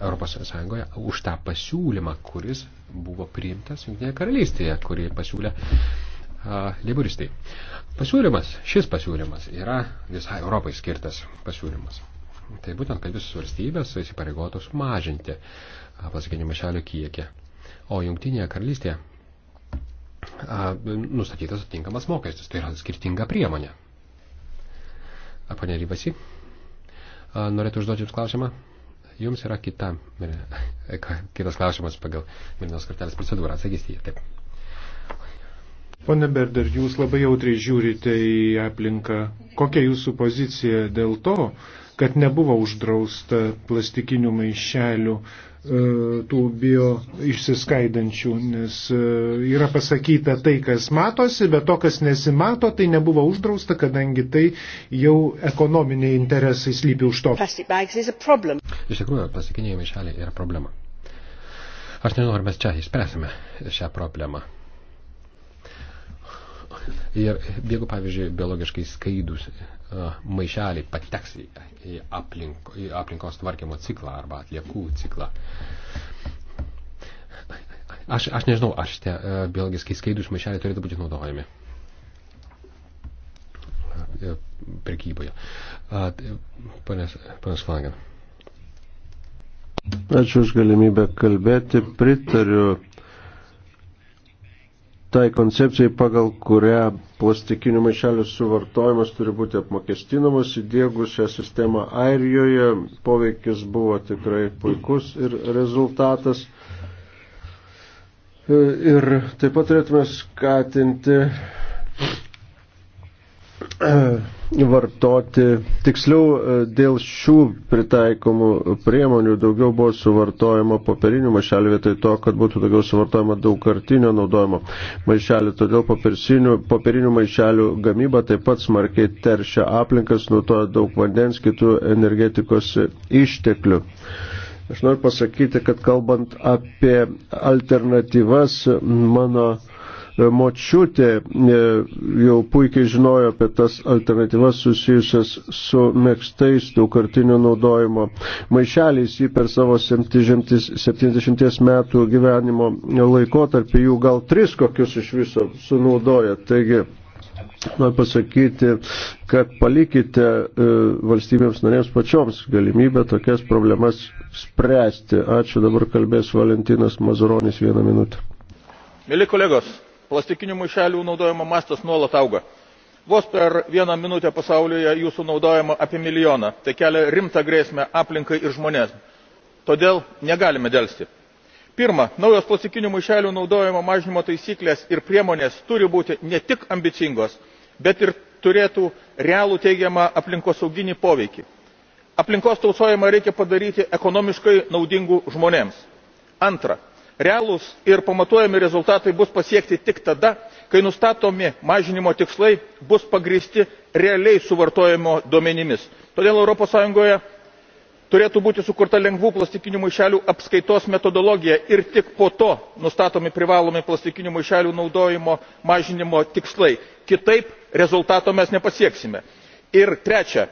Europos Sąjungoje už tą pasiūlymą, kuris buvo priimtas Junktinėje karalystėje, kurį pasiūlė a, leiboristai. Pasiūlymas, šis pasiūlymas yra visai Europai skirtas pasiūlymas. Tai būtent, kad visos valstybės įsipareigotų sumažinti plastikinių maišelių kiekį. O jungtinėje karalystėje nustatytas atitinkamas mokestis, tai yra skirtinga priemonė. Pane Rybasi, norėtų užduoti Jums klausimą? Jums yra kita, (laughs) kitas klausimas pagal Mirinos kartelės procedūrą. Atsakysite jį taip. Pone Berder, jūs labai jautriai žiūrite į aplinką. Kokia jūsų pozicija dėl to, kad nebuvo uždrausta plastikinių maišelių e, tų bio išsiskaidančių, nes e, yra pasakyta tai, kas matosi, bet to, kas nesimato, tai nebuvo uždrausta, kadangi tai jau ekonominiai interesai slypi už to. Iš tikrųjų, plastikiniai maišeliai yra problema. Aš nežinau, ar mes čia išspręsime šią problemą. Ir jeigu, pavyzdžiui, biologiškai skaidus e, maišeliai pateks į, aplinko, į aplinkos tvarkymo ciklą arba atliekų ciklą. Aš, aš nežinau, ar šitie e, biologiškai skaidus maišeliai turėtų būti naudojami e, prekyboje. Panas, panas Flangen. Ačiū už galimybę kalbėti. Pritariu tai koncepcijai, pagal kurią plastikinių maišelių suvartojimas turi būti apmokestinamas, įdėgus šią sistemą Airijoje, poveikis buvo tikrai puikus ir rezultatas. E, ir taip pat turėtume skatinti E, vartoti, tiksliau e, dėl šių pritaikomų priemonių daugiau buvo suvartojama popierinių maišelių vietoj to, kad būtų daugiau suvartojama daugkartinio naudojimo maišelių. Todėl popierinių maišelių gamyba taip pat smarkiai teršia aplinkas, nutoja daug vandens kitų energetikos išteklių. Aš noriu pasakyti, kad kalbant apie alternatyvas, mano E, močiutė e, jau puikiai žinojo apie tas alternatyvas susijusias su mėgstais daugkartinio naudojimo maišeliais. Jį per savo 70 metų gyvenimo laikotarpį jų gal tris kokius iš viso sunaudoja. Taigi, Noriu pasakyti, kad palikite e, valstybėms narėms pačioms galimybę tokias problemas spręsti. Ačiū, dabar kalbės Valentinas Mazuronis vieną minutę. Mili kolegos, plastikinių maišelių naudojimo mastas nuolat auga vos per vieną minutę pasaulyje jų sunaudojama apie milijoną tai kelia rimtą grėsmę aplinkai ir žmonėms todėl negalime delsti. pirma naujos plastikinių maišelių naudojimo mažinimo taisyklės ir priemonės turi būti ne tik ambicingos bet ir turėtų realų teigiamą aplinkosauginį poveikį. aplinkos tausojimą reikia padaryti ekonomiškai naudingu žmonėms. antra realūs ir pamatuojami rezultatai bus pasiekti tik tada kai nustatomi mažinimo tikslai bus pagrįsti realiai suvartojimo duomenimis. todėl europos sąjungoje turėtų būti sukurta lengvų plastikinių maišelių apskaitos metodologija ir tik po to nustatomi privalomi plastikinių maišelių naudojimo mažinimo tikslai kitaip rezultato mes nepasieksime. ir trečia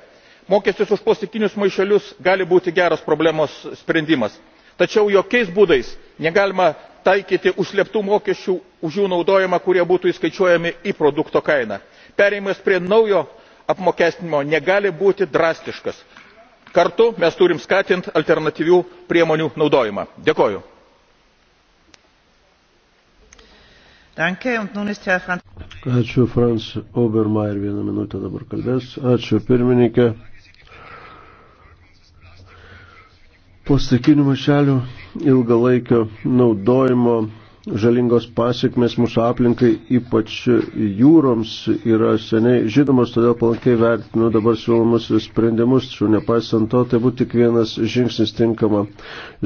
mokestis už plastikinius maišelius gali būti geras problemos sprendimas tačiau jokiais būdais negalima taikyti užslėptų mokesčių už jų naudojimą kurie būtų įskaičiuojami į produkto kainą. perėjimas prie naujo apmokestinimo negali būti drastiškas. kartu mes turime skatinti alternatyvių priemonių naudojimą. dėkoju. Ačiū Frans Obermeier, vieną minutę dabar kalbės. Ačiū pirmininkė. plastikinių mašelių ilgalaikio naudojimo žalingos pasiekmes mūsų aplinkai, ypač jūroms, yra seniai žinomas, todėl palankiai vertinu dabar siūlomus sprendimus, tačiau nepaisant to, tai būtų tik vienas žingsnis tinkama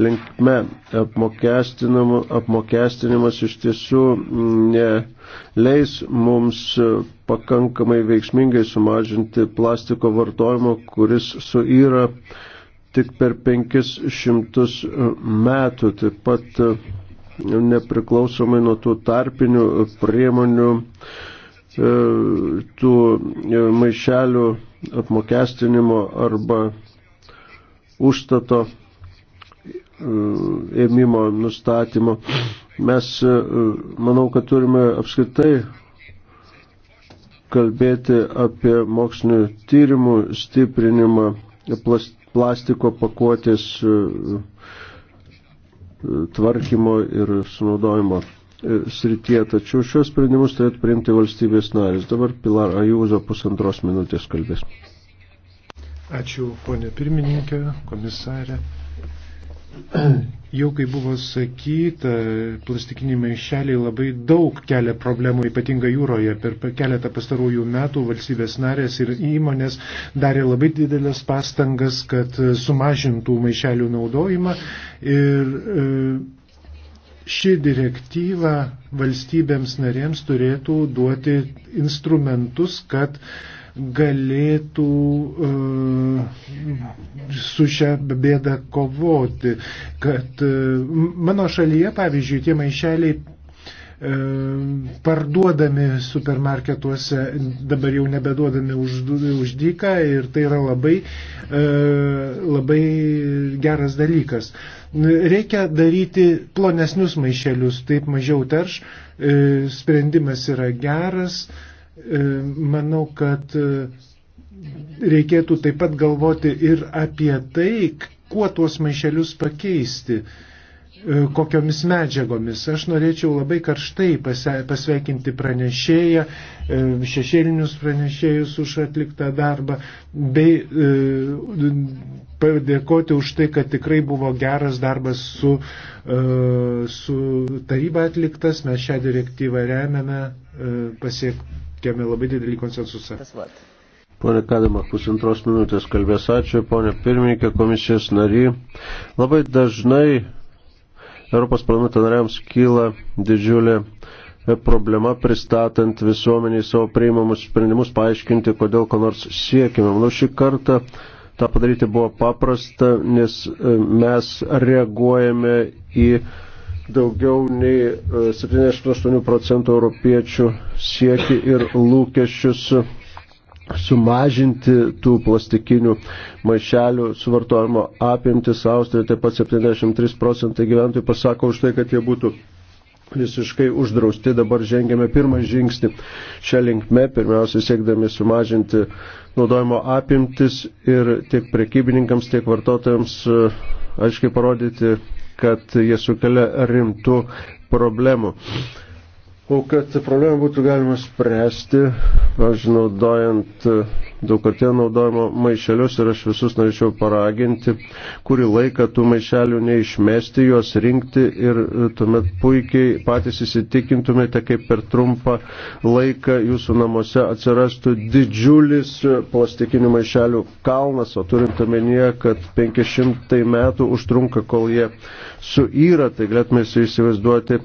linkme. Apmokestinimas iš tiesų neleis mums pakankamai veiksmingai sumažinti plastiko vartojimo, kuris suyra. yra tik per 500 e, metų. Taip pat e, nepriklausomai nuo tų tarpinių priemonių, e, tų maišelių apmokestinimo arba užstato ėmimo nustatymo. Mes, manau, kad turime apskritai kalbėti apie mokslinio tyrimų stiprinimą, plast, plastiko pakuotės e, e, tvarkymo ir sunaudojimo e, srityje, tačiau šios sprendimus turėtų priimti valstybės narės. Dabar Pilar Ajūzo pusantros minutės kalbės. Ačiū, ponė pirmininkė, komisarė. Jau kai buvo sakyta, plastikiniai maišeliai labai daug kelia problemų, ypatingai jūroje. Per keletą pastarųjų metų valstybės narės ir įmonės darė labai didelės pastangas, kad e, sumažintų maišelių naudojimą. Ir e, ši direktyva valstybėms narėms turėtų duoti instrumentus, kad galėtų e, su šią bėdą kovoti. Kad e, mano šalyje, pavyzdžiui, tie maišeliai e, parduodami supermarketuose dabar jau nebeduodami už, už dyką ir tai yra labai, labai geras dalykas. Reikia daryti plonesnius maišelius, taip mažiau terš, sprendimas yra geras, E, manau, kad e, reikėtų taip pat galvoti ir apie tai, kuo tuos maišelius pakeisti, e, kokiomis medžiagomis. Aš norėčiau labai karštai pasveikinti pranešėją, šešėlinius pranešėjus už atliktą darbą, bei padėkoti už tai, kad tikrai buvo geras darbas su, su taryba atliktas. Mes šią direktyvą remiame pasiekti pasiekėme labai didelį konsensusą. Pone Kadama, pusantros minutės kalbės. Ačiū, ponė pirmininkė, komisijos nary. Labai dažnai Europos parlamento nariams kyla didžiulė problema pristatant visuomeniai savo priimamus sprendimus, paaiškinti, kodėl ko nors siekime. Manau, šį kartą tą padaryti buvo paprasta, nes e, mes reaguojame į daugiau nei 78 e, procentų europiečių sieki ir lūkesčius sumažinti tų plastikinių maišelių suvartojimo apimtis. Austrijoje taip pat 73 procentai gyventojų pasako už tai, kad jie būtų visiškai uždrausti. Dabar žengėme pirmą žingsnį šią linkmę, pirmiausia siekdami sumažinti naudojimo apimtis ir tiek prekybininkams, tiek vartotojams e, aiškiai parodyti, kad jie sukelia rimtų problemų. O kad problemą būtų galima spręsti, aš naudojant e, daugkartė naudojimo maišelius ir aš visus norėčiau paraginti, kurį laiką tų maišelių neišmesti, juos rinkti ir e, tuomet puikiai patys įsitikintumėte, kaip per trumpą laiką jūsų namuose atsirastų didžiulis e, plastikinių maišelių kalnas, o turint omenyje, kad 500 metų užtrunka, kol jie suyra, tai galėtume įsivaizduoti,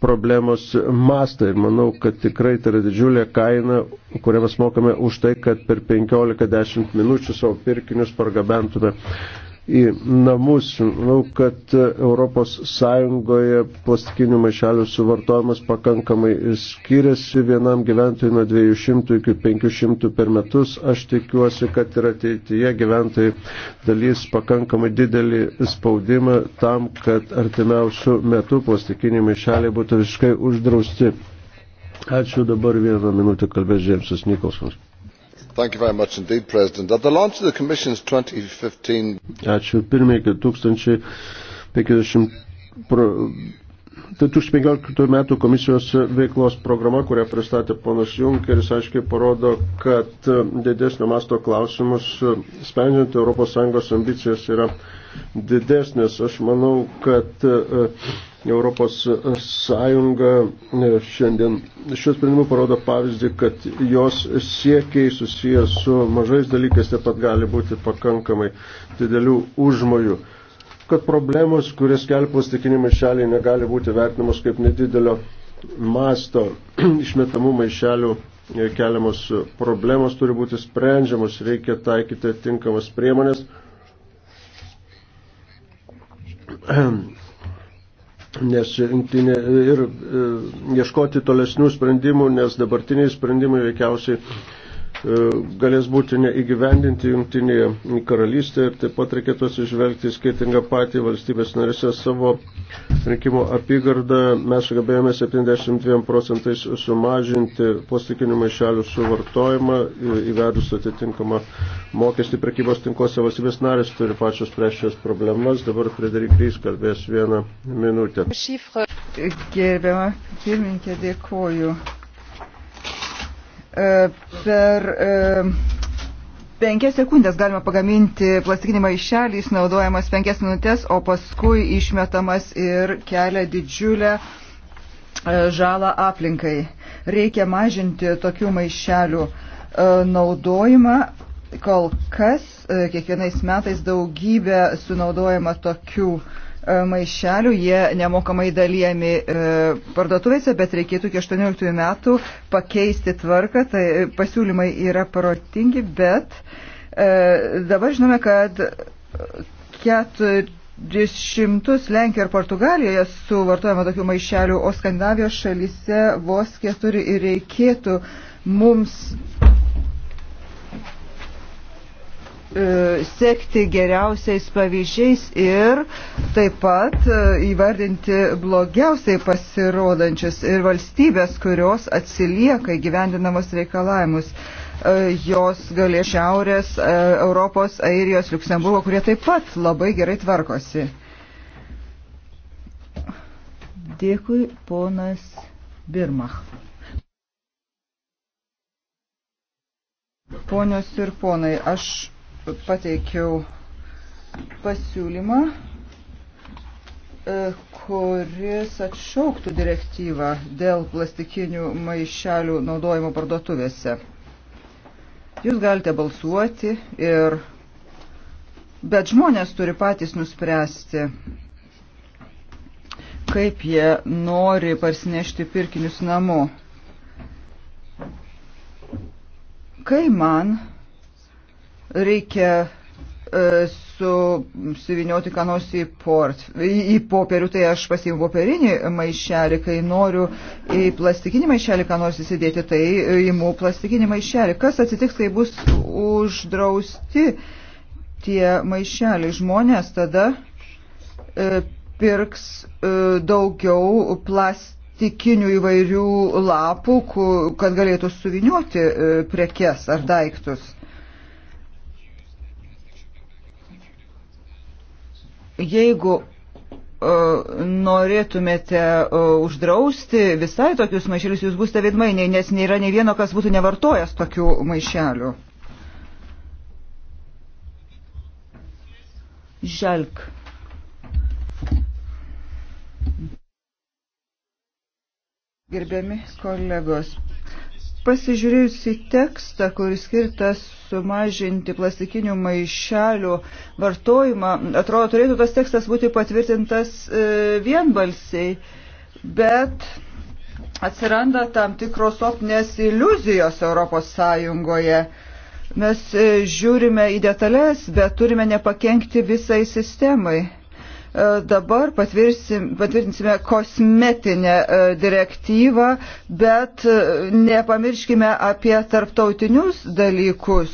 problemos mastą ir manau, kad tikrai tai yra didžiulė kaina, kurią mes mokame už tai, kad per 15-10 minučių savo pirkinius pargabentume į namus. Manau, kad ES plastikinių maišelių suvartojimas pakankamai skiriasi vienam gyventojui nuo 200 iki 500 per metus. Aš tikiuosi, kad ir ateityje gyventojai dalys pakankamai didelį spaudimą tam, kad artimiausių metų plastikiniai maišeliai būtų visiškai uždrausti. Ačiū dabar vieną minutę kalbės Džemsas Nikolsonas. Indeed, at the launch of the Commission's 2015... Ačiū pirmininkai, 2050 pro... 2015 tai metų komisijos veiklos programa, kurią pristatė ponas Junkeris, aiškiai parodo, kad didesnio masto klausimus sprendžiant ES ambicijos yra didesnės. Aš manau, kad uh, Europos Sąjunga e, šiandien šios sprendimų parodo pavyzdį, kad jos siekiai susijęs su mažais dalykais taip pat gali būti pakankamai didelių užmojų. Kad problemos, kurias kelia plastikiniai maišeliai, negali būti vertinamos kaip nedidelio masto (clears throat) išmetamų maišelių e, keliamos problemos turi būti sprendžiamos, reikia taikyti tinkamas priemonės (clears throat) e, nes rinktinė ir e, ieškoti tolesnių sprendimų, nes dabartiniai sprendimai veikiausiai E, galės būti neįgyvendinti jungtinėje karalystėje ir taip pat reikėtų atsižvelgti skirtingą patį valstybės narėse savo rinkimo apygardą. Mes sugebėjome 72 procentais sumažinti plastikinių maišelių suvartojimą e, įvedus atitinkamą mokestį prekybos tinkluose valstybės narės turi pačios priešios problemas. Dabar Frederik Rys kalbės vieną minutę. Gerbiama pirmininkė, dėkoju. E, per e, penkias sekundės galima pagaminti plastikinį maišelį, jis naudojamas penkias minutės, o paskui išmetamas ir kelia didžiulę e, žalą aplinkai. Reikia mažinti tokių maišelių naudojimą. Kol kas kiekvienais metais daugybė sunaudojama tokių uh, maišelių, jie nemokamai dalyjami e, parduotuvėse, bet reikėtų iki 18 metų pakeisti tvarką, tai pasiūlymai yra protingi, bet e, dabar žinome, kad 4 šimtus Lenkijoje ir Portugalijoje suvartojama tokių maišelių, o Skandinavijos šalyse vos keturi ir reikėtų mums E, sekti geriausiais pavyzdžiais ir taip pat e, įvardinti blogiausiai pasirodančias ir valstybės, kurios atsilieka įgyvendinamos reikalavimus. E, jos galės Šiaurės, Europos, Airijos, Luksemburgo, kurie taip pat labai gerai tvarkosi. Dėkui, ponas Birmach. Ponios ir ponai, aš pateikiau pasiūlymą, e, kuris atšauktų direktyvą dėl plastikinių maišelių naudojimo parduotuvėse. Jūs galite balsuoti ir. Bet žmonės turi patys nuspręsti, kaip jie nori parsinešti pirkinius namo. Kai man reikia su, e, suvinioti ką nors į, port, į popierių, tai aš pasiimu popierinį maišelį, kai noriu į plastikinį maišelį ką nors įsidėti, tai įimu plastikinį maišelį. Kas atsitiks, kai bus uždrausti tie maišeliai? Žmonės tada e, pirks e, daugiau plastikinių įvairių lapų, ku, kad galėtų suvinioti e, prekes ar daiktus. Jeigu e, norėtumėte e, uždrausti visai tokius maišelius, jūs būsite veidmainiai, nes nėra nei vieno, kas būtų nevartojęs tokių maišelių. Želk. Gerbiami kolegos, Pasižiūrėjus į tekstą, kuris skirtas sumažinti plastikinių maišelių vartojimą, atrodo, turėtų tas tekstas būti patvirtintas e, vienbalsiai, bet atsiranda tam tikros opnės iliuzijos Europos Sąjungoje. Mes e, žiūrime į detalės, bet turime nepakenkti visai sistemai. E, dabar patvirtinsime kosmetinę e, direktyvą, bet e, nepamirškime apie tarptautinius dalykus.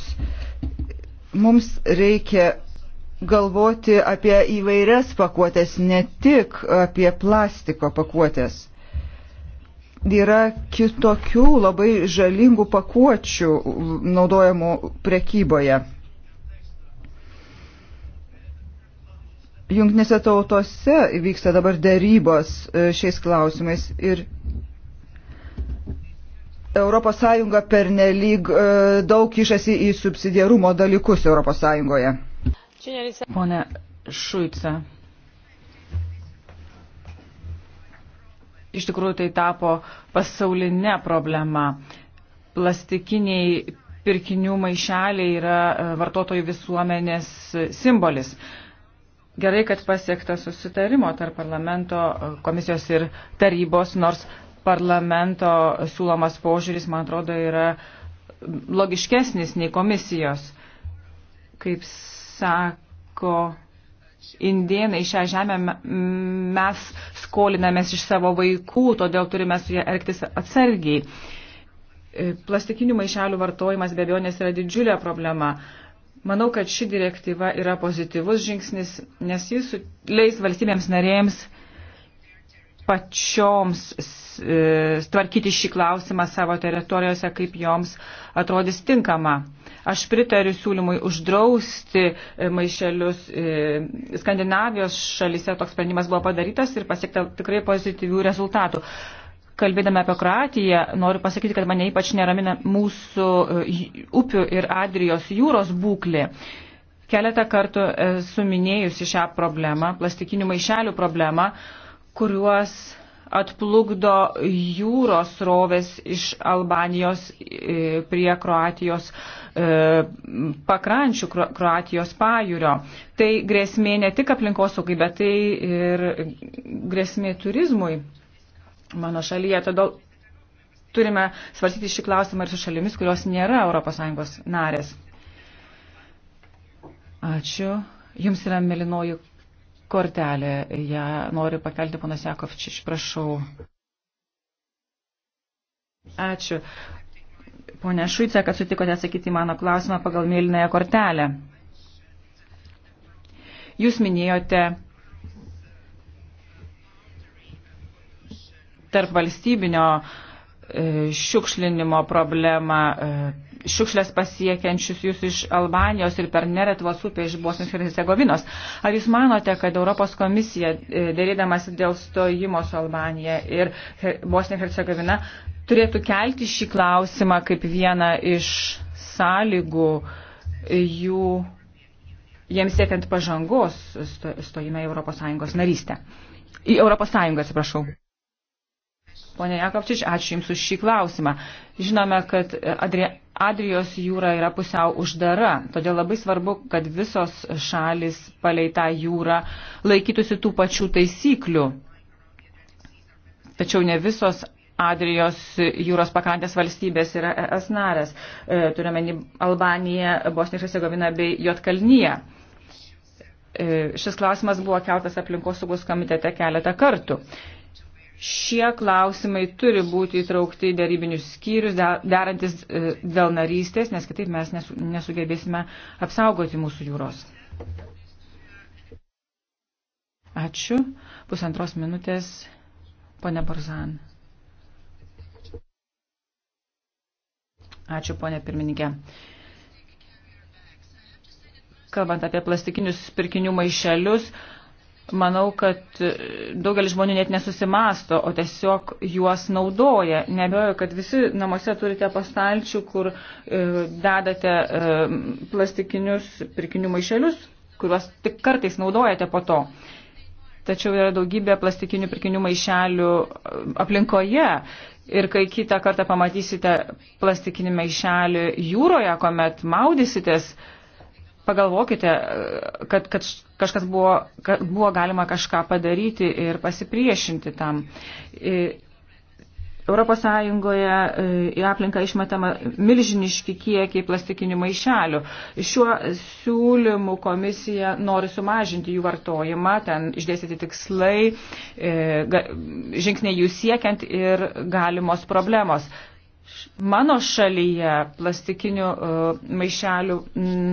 Mums reikia galvoti apie įvairias pakuotės, ne tik apie plastiko pakuotės. Yra kitokių labai žalingų pakuočių naudojamų prekyboje. Junktinėse tautose vyksta dabar darybos e, šiais klausimais ir ES pernelyg e, daug kišasi į subsidiarumo dalykus ES. Pone Šuica. Iš tikrųjų tai tapo pasaulinė problema. Plastikiniai pirkinių maišeliai yra e, vartotojų visuomenės simbolis. Gerai, kad pasiekta susitarimo tarp parlamento komisijos ir tarybos, nors parlamento siūlomas požiūris, man atrodo, yra logiškesnis nei komisijos. Kaip sako indienai šią žemę mes skolinamės iš savo vaikų, todėl turime su jie elgtis atsargiai. Plastikinių maišelių vartojimas be abejonės yra didžiulė problema. Manau, kad ši direktyva yra pozityvus žingsnis, nes jis leis valstybėms narėjams pačioms e, tvarkyti šį klausimą savo teritorijose, kaip joms atrodys tinkama. Aš pritariu siūlymui uždrausti e, maišelius. E, Skandinavijos šalyse toks sprendimas buvo padarytas ir pasiekta tikrai pozityvių rezultatų kalbėdama apie Kroatiją, noriu pasakyti, kad mane ypač neramina mūsų e, upių ir Adrijos jūros būklė. Keletą kartų esu minėjusi šią problemą, plastikinių maišelių problemą, kuriuos atplukdo jūros rovės iš Albanijos e, prie Kroatijos e, pakrančių, Kroatijos pajūrio. Tai grėsmė ne tik aplinkosaugai, bet tai ir grėsmė turizmui mano šalyje. Todėl turime svarstyti šį klausimą ir su šalimis, kurios nėra ES narės. Ačiū. Jums yra melinoji kortelė. Ja noriu pakelti ponas Jakovčič. Prašau. Ačiū. Pone Šuice, kad sutikote atsakyti mano klausimą pagal mėlynąją kortelę. Jūs minėjote tarp valstybinio e, šiukšlinimo problemą, e, šiukšlės pasiekiančius jūs iš Albanijos ir per Neretvos upę iš Bosnijos ir Hercegovinos. Ar jūs manote, kad Europos komisija, e, dėrėdamas dėl stojimo su Albanija ir Bosnija ir Hercegovina, turėtų kelti šį klausimą kaip vieną iš sąlygų jų, jiems siekiant pažangos stojime į Europos Sąjungos narystę? Į Europos Sąjungą, atsiprašau. Pone Jakovčič, ačiū Jums už šį klausimą. Žinome, kad Adrijos jūra yra pusiau uždara, todėl labai svarbu, kad visos šalis palei tą jūrą laikytųsi tų pačių taisyklių. Tačiau ne visos Adrijos jūros pakrantės valstybės yra ES narės. E, Turime Albaniją, Bosniją ir Hercegoviną bei Jotkalnyje. Šis klausimas buvo keltas aplinkosaugos komitete keletą kartų šie klausimai turi būti įtraukti į darybinius skyrius, derantis e, dėl narystės, nes kitaip mes nesugebėsime apsaugoti mūsų jūros. Ačiū. Pusantros minutės, ponė Barzan. Ačiū, ponė pirmininkė. Kalbant apie plastikinius pirkinių maišelius, uh, manau, kad daugelis žmonių net nesusimasto, o tiesiog juos naudoja. Nebejoju, kad visi namuose turite pastalčių, kur e, dedate e, plastikinius pirkinių maišelius, kuriuos tik kartais naudojate po to. Tačiau yra daugybė plastikinių pirkinių maišelių e, aplinkoje. Ir kai kitą kartą pamatysite plastikinį maišelį jūroje, kuomet maudysitės, uh, pagalvokite, kad, kad kažkas buvo, kad buvo galima kažką padaryti ir pasipriešinti tam. Europos Sąjungoje e, į aplinką išmetama milžiniški kiekiai plastikinių maišelių. Šiuo siūlymu komisija nori sumažinti jų vartojimą, ten išdėstyti tikslai, e, žingsniai jų siekiant ir galimos problemos. Mano šalyje plastikinių e, maišelių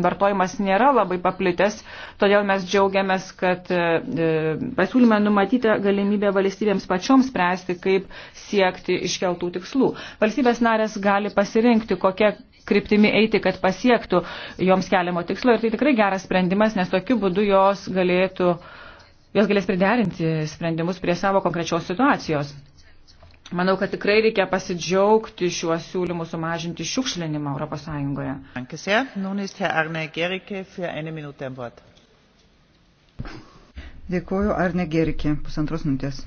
vartojimas nėra labai paplitęs, todėl mes džiaugiamės, kad e, e, pasiūlyme numatyta galimybė valstybėms pačioms spręsti, kaip siekti iškeltų tikslų. Valstybės narės gali pasirinkti, kokia kryptimi eiti, kad pasiektų joms keliamo tikslo ir tai tikrai geras sprendimas, nes tokiu būdu jos galėtų, jos galės priderinti sprendimus prie savo konkrečios situacijos. Manau, kad tikrai reikia pasidžiaugti šiuo siūlymu sumažinti šiukšlinimą Europos Sąjungoje. Dėkuoju, Arne Gerikė, pusantros minutės.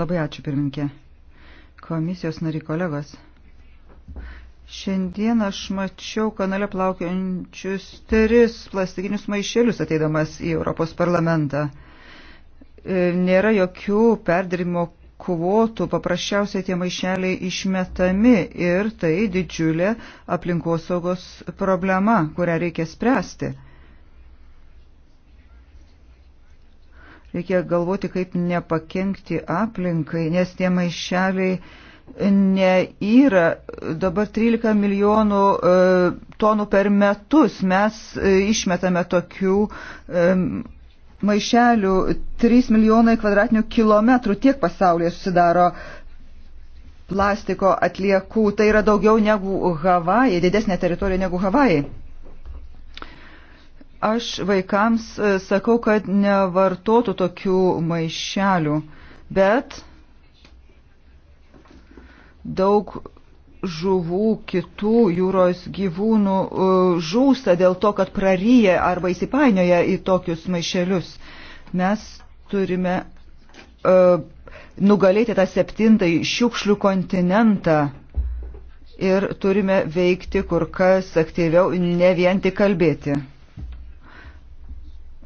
Labai ačiū, pirminkė. Komisijos nari kolegos. Šiandien aš mačiau kanale plaukiančius tris plastikinius maišelius ateidamas į Europos parlamentą. E, nėra jokių perdirimo kvotų, paprasčiausiai tie maišeliai išmetami ir tai didžiulė aplinkosaugos problema, kurią reikia spręsti. Reikia galvoti, kaip nepakenkti aplinkai, nes tie maišeliai neįra dabar 13 milijonų e, tonų per metus. Mes e, išmetame tokių e, maišelių 3 milijonai kvadratinių kilometrų tiek pasaulyje susidaro plastiko atliekų. Tai yra daugiau negu Havajai, didesnė teritorija negu Havajai. Aš vaikams e, sakau, kad nevartotų tokių maišelių, bet daug žuvų, kitų jūros gyvūnų e, žūsta dėl to, kad praryja arba įsipainioja į tokius maišelius. Mes turime uh, nugalėti tą septintąjį šiukšlių kontinentą ir turime veikti kur kas aktyviau, ne vien tik kalbėti.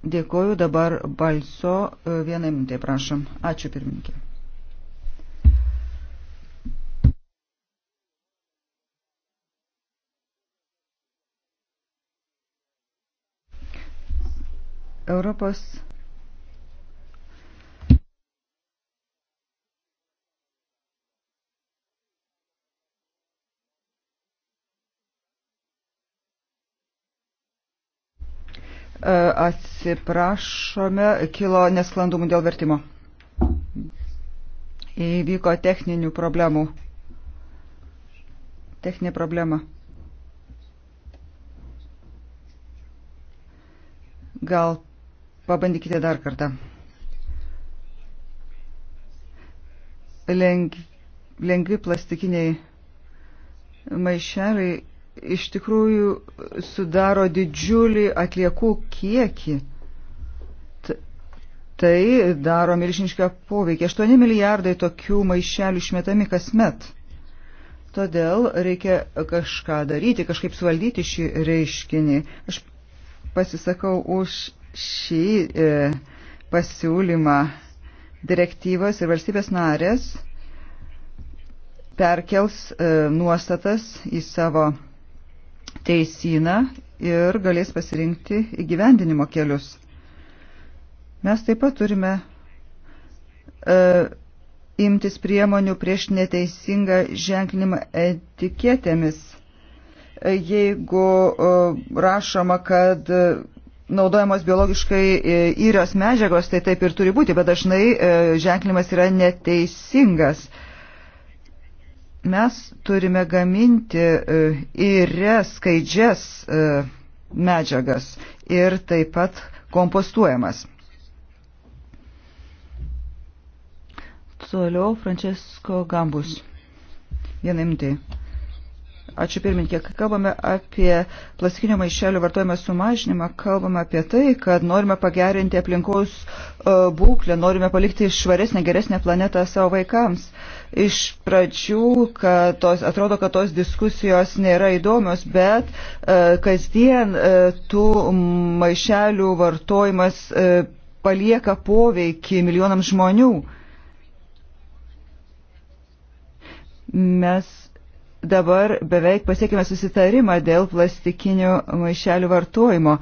Dėkuoju dabar balso e, vienai minutė, prašom. Ačiū pirmininkė. Europos e, Atsiprašome, kilo nesklandumų dėl vertimo. Įvyko techninių problemų. Techninė problema. Gal Pabandykite dar kartą. Lenk, lengvi plastikiniai maišeliai iš tikrųjų sudaro didžiulį atliekų kiekį. Tai daro milžinišką poveikį. 8 milijardai tokių maišelių išmetami kasmet. Todėl reikia kažką daryti, kažkaip suvaldyti šį reiškinį. Aš pasisakau už šį e, pasiūlymą direktyvos ir valstybės narės perkels e, nuostatas į savo teisiną ir galės pasirinkti įgyvendinimo kelius. Mes taip pat turime e, imtis priemonių prieš neteisingą ženklinimą etiketėmis. E, jeigu e, rašoma, kad naudojamos biologiškai e, įrios medžiagos, tai taip ir turi būti, bet dažnai e, ženklimas yra neteisingas. Mes turime gaminti e, įrias skaidžias medžiagas ir taip pat kompostuojamas. Toliau Francesco Gambus. Vieną imtį. Ačiū pirmininkė. Kai kalbame apie plastikinių maišelių vartojimą sumažinimą, kalbame apie tai, kad norime pagerinti aplinkos e, būklę, norime palikti švaresnę, geresnę planetą savo vaikams. Iš pradžių, kad tos, atrodo, kad tos diskusijos nėra įdomios, bet e, kasdien e, tų maišelių vartojimas e, palieka poveikį milijonams žmonių. Mes dabar beveik pasiekime susitarimą dėl plastikinių maišelių vartojimo.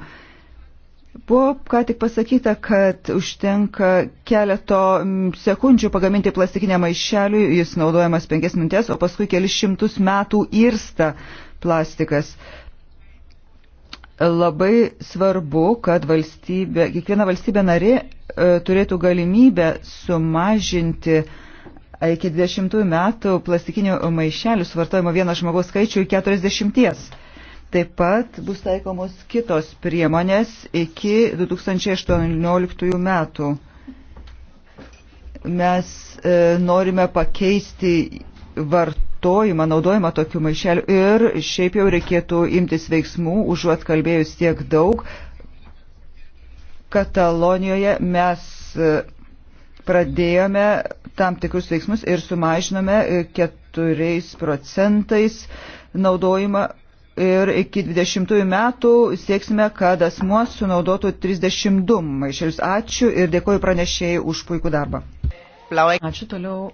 Buvo ką tik pasakyta, kad užtenka keleto sekundžių pagaminti plastikinę maišelį, jis naudojamas penkias minutės, o paskui kelis šimtus metų irsta plastikas labai svarbu, kad valstybė, kiekviena valstybė nari e, turėtų galimybę sumažinti e, iki 20 metų plastikinių maišelių suvartojimo vieno žmogaus skaičių iki 40. Taip pat bus taikomos kitos priemonės iki 2018 metų. Mes e, norime pakeisti vartojimą, naudojimą tokių maišelių ir šiaip jau reikėtų imtis veiksmų, užuot kalbėjus tiek daug. Katalonijoje mes. E, pradėjome tam tikrus veiksmus ir sumažinome 4 e, procentais naudojimą ir iki 20 metų sieksime, kad asmuo sunaudotų 32 maišelius. Ačiū ir dėkoju pranešėjai už puikų darbą. Ačiū toliau.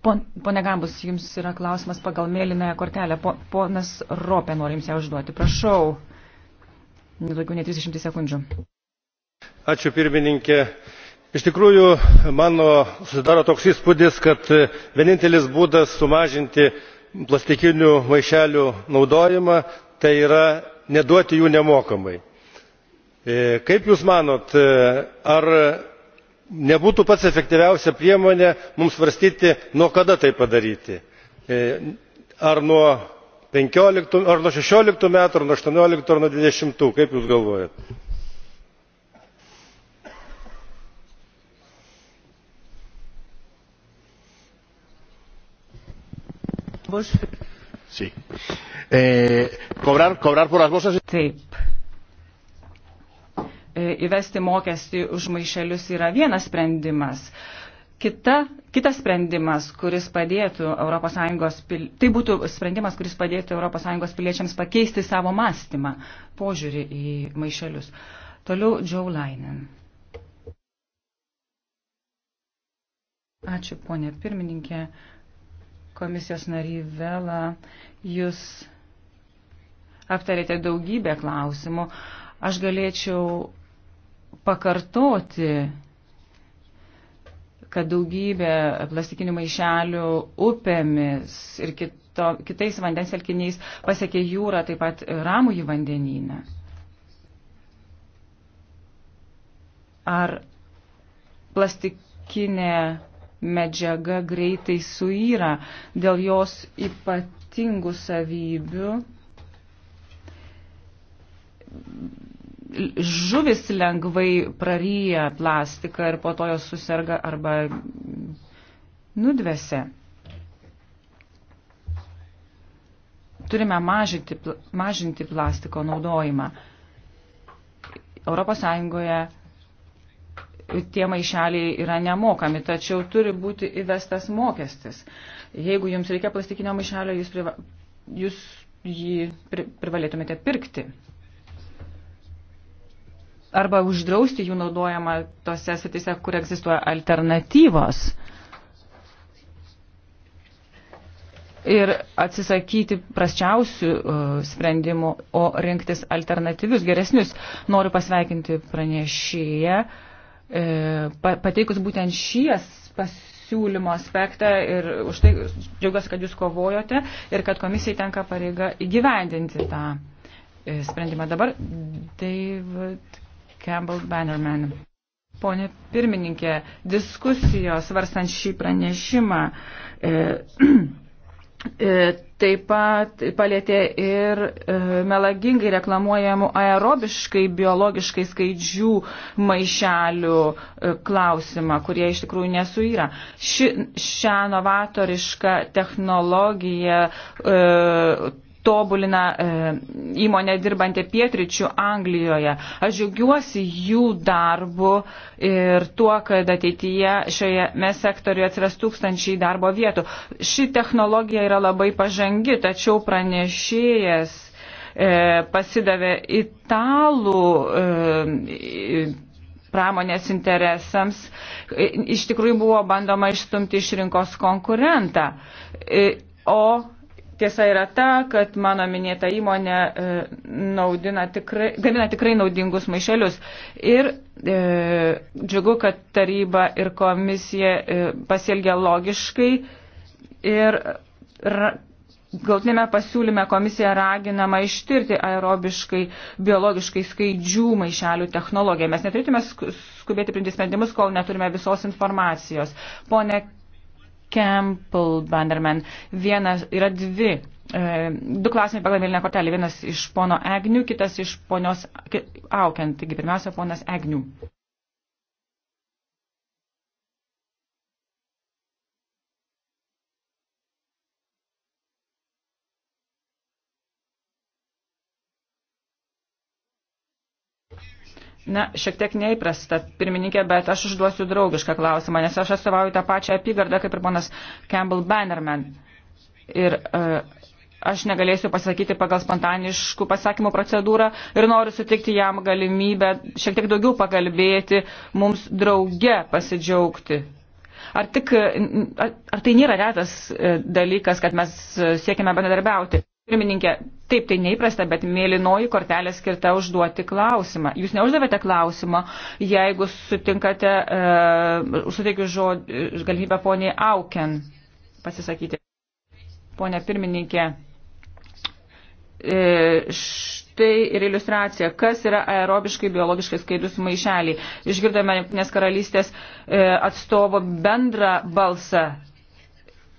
Pone Gambus, jums yra klausimas pagal mėlynąją kortelę. Ponas Ropė nori jums ją užduoti. Prašau. Daugiau nei 30 sekundžių. Ačiū pirmininkė iš tikrųjų man susidaro toks įspūdis kad vienintelis būdas sumažinti plastikinių maišelių naudojimą tai yra neduoti jų nemokamai. E, kaip jūs manote ar nebūtų pati efektyviausia priemonė mums svarstyti nuo kada tai padaryti e, ar nuo šešioliktų metų ar nuo aštuonioliktų ar nuo dvidešimtų kaip jūs galvojate? Sí. Eh, cobrar, cobrar por las bolsas. Taip. E, įvesti mokestį už maišelius yra vienas sprendimas. Kita, kitas sprendimas, kuris padėtų ES, tai būtų sprendimas, kuris padėtų ES piliečiams pakeisti savo mąstymą, požiūrį į maišelius. Toliau Joe Lainen. Ačiū, ponė pirmininkė komisijos nary Vela, jūs aptarėte daugybę klausimų. Aš galėčiau pakartoti, kad daugybė plastikinių maišelių upėmis ir kito, kitais vandens telkiniais pasiekė jūrą, taip pat ramųjį vandenyną. Ar plastikinė medžiaga greitai suyra dėl jos ypatingų savybių. Žuvis lengvai praryja plastiką ir po to jos susirga arba nudvėse. Turime mažinti, mažinti plastiko naudojimą. Europos Sąjungoje tie maišeliai yra nemokami, tačiau turi būti įvestas mokestis. Jeigu jums reikia plastikinio maišelio, jūs, priva, jūs jį pri, privalėtumėte pirkti. Arba uždrausti jų naudojama tose sritise, kur egzistuoja alternatyvos. ir atsisakyti prasčiausių e, sprendimų, o rinktis alternatyvius, geresnius. Noriu pasveikinti pranešėją. E, pateikus būtent šies pasiūlymo aspektą ir už tai džiaugiuosi, kad jūs kovojote ir kad komisijai tenka pareiga įgyvendinti tą e, sprendimą. Dabar David Campbell Bannerman. Pone pirmininkė, diskusijos varstant šį pranešimą. E, (clears throat) E, taip pat palėtė ir e, melagingai reklamuojamų aerobiškai, biologiškai skaidžių maišelių e, klausimą, kurie iš tikrųjų nesuyra. Ši, šią novatorišką technologiją e, tobulina e, įmonė dirbantį pietričių Anglijoje. Aš džiaugiuosi jų darbu ir tuo, kad ateityje šioje sektoriuje atsiras tūkstančiai darbo vietų. Ši technologija yra labai pažangi, tačiau pranešėjas e, pasidavė italų e, pramonės interesams, e, iš tikrųjų buvo bandoma išstumti iš rinkos konkurentą. E, o Tiesa yra ta, kad mano minėta įmonė e, naudina tikrai, gamina tikrai naudingus maišelius. Ir e, džiugu, kad taryba ir komisija e, pasielgia logiškai. Ir ra, galtinėme pasiūlyme komisija raginama ištirti aerobiškai, biologiškai skaidžių maišelių technologiją. Mes neturėtume skubėti priimti sprendimus, kol neturime visos informacijos. Pone Campbell Banderman. Vienas, yra dvi. E, du klausimai pagal Vilinę kortelį. Vienas iš pono Egnių, kitas iš ponios Aukiant. Taigi pirmiausia, ponas Egnių. Na, šiek tiek neįprasta, pirmininkė, bet aš užduosiu draugišką klausimą, nes aš atstovauju tą pačią apygardą kaip ir ponas Campbell Bannerman. Ir uh, aš negalėsiu pasakyti pagal spontaniškų pasakymų procedūrą ir noriu sutikti jam galimybę šiek tiek daugiau pakalbėti, mums drauge pasidžiaugti. Ar, tik, ar, ar tai nėra retas e, dalykas, kad mes e, siekime bendradarbiauti? Pirmininkė, taip tai neįprasta, bet mėlynoji kortelė skirta užduoti klausimą. Jūs neuždavėte klausimą, jeigu sutinkate, uh, suteikiu žod, galimybę poniai Auken pasisakyti. Pone pirmininkė, e, štai ir iliustracija, kas yra aerobiškai biologiškai skaidrus maišeliai. Išgirdome Junktinės karalystės e, atstovo bendrą balsą.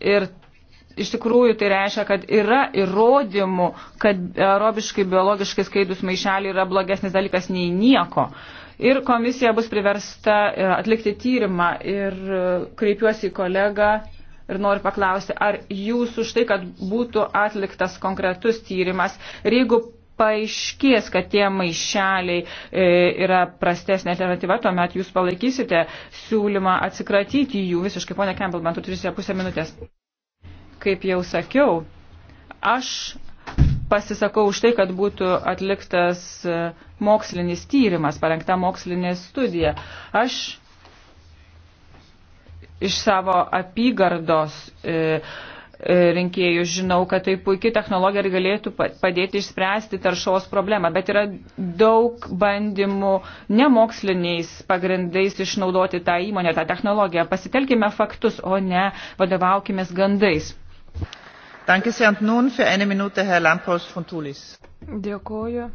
Ir iš tikrųjų tai reiškia, kad yra įrodymų, kad aerobiškai biologiškai skaidus maišeliai yra blogesnis dalykas nei nieko. Ir komisija bus priversta e, atlikti tyrimą ir e, kreipiuosi į kolegą ir noriu paklausti, ar jūs už tai, kad būtų atliktas konkretus tyrimas ir jeigu paaiškės, kad tie maišeliai e, yra prastesnė alternatyva, tuomet jūs palaikysite siūlymą atsikratyti jų visiškai. Pone Campbell, man tu turite pusę minutės. Kaip jau sakiau, aš pasisakau už tai, kad būtų atliktas e, mokslinis tyrimas, parengta mokslinė studija. Aš iš savo apygardos e, e, rinkėjų žinau, kad tai puikiai technologija ir galėtų padėti išspręsti taršos problemą, bet yra daug bandymų nemoksliniais pagrindais išnaudoti tą įmonę, tą technologiją. Pasitelkime faktus, o ne vadovaukime gandais. Dėkoju.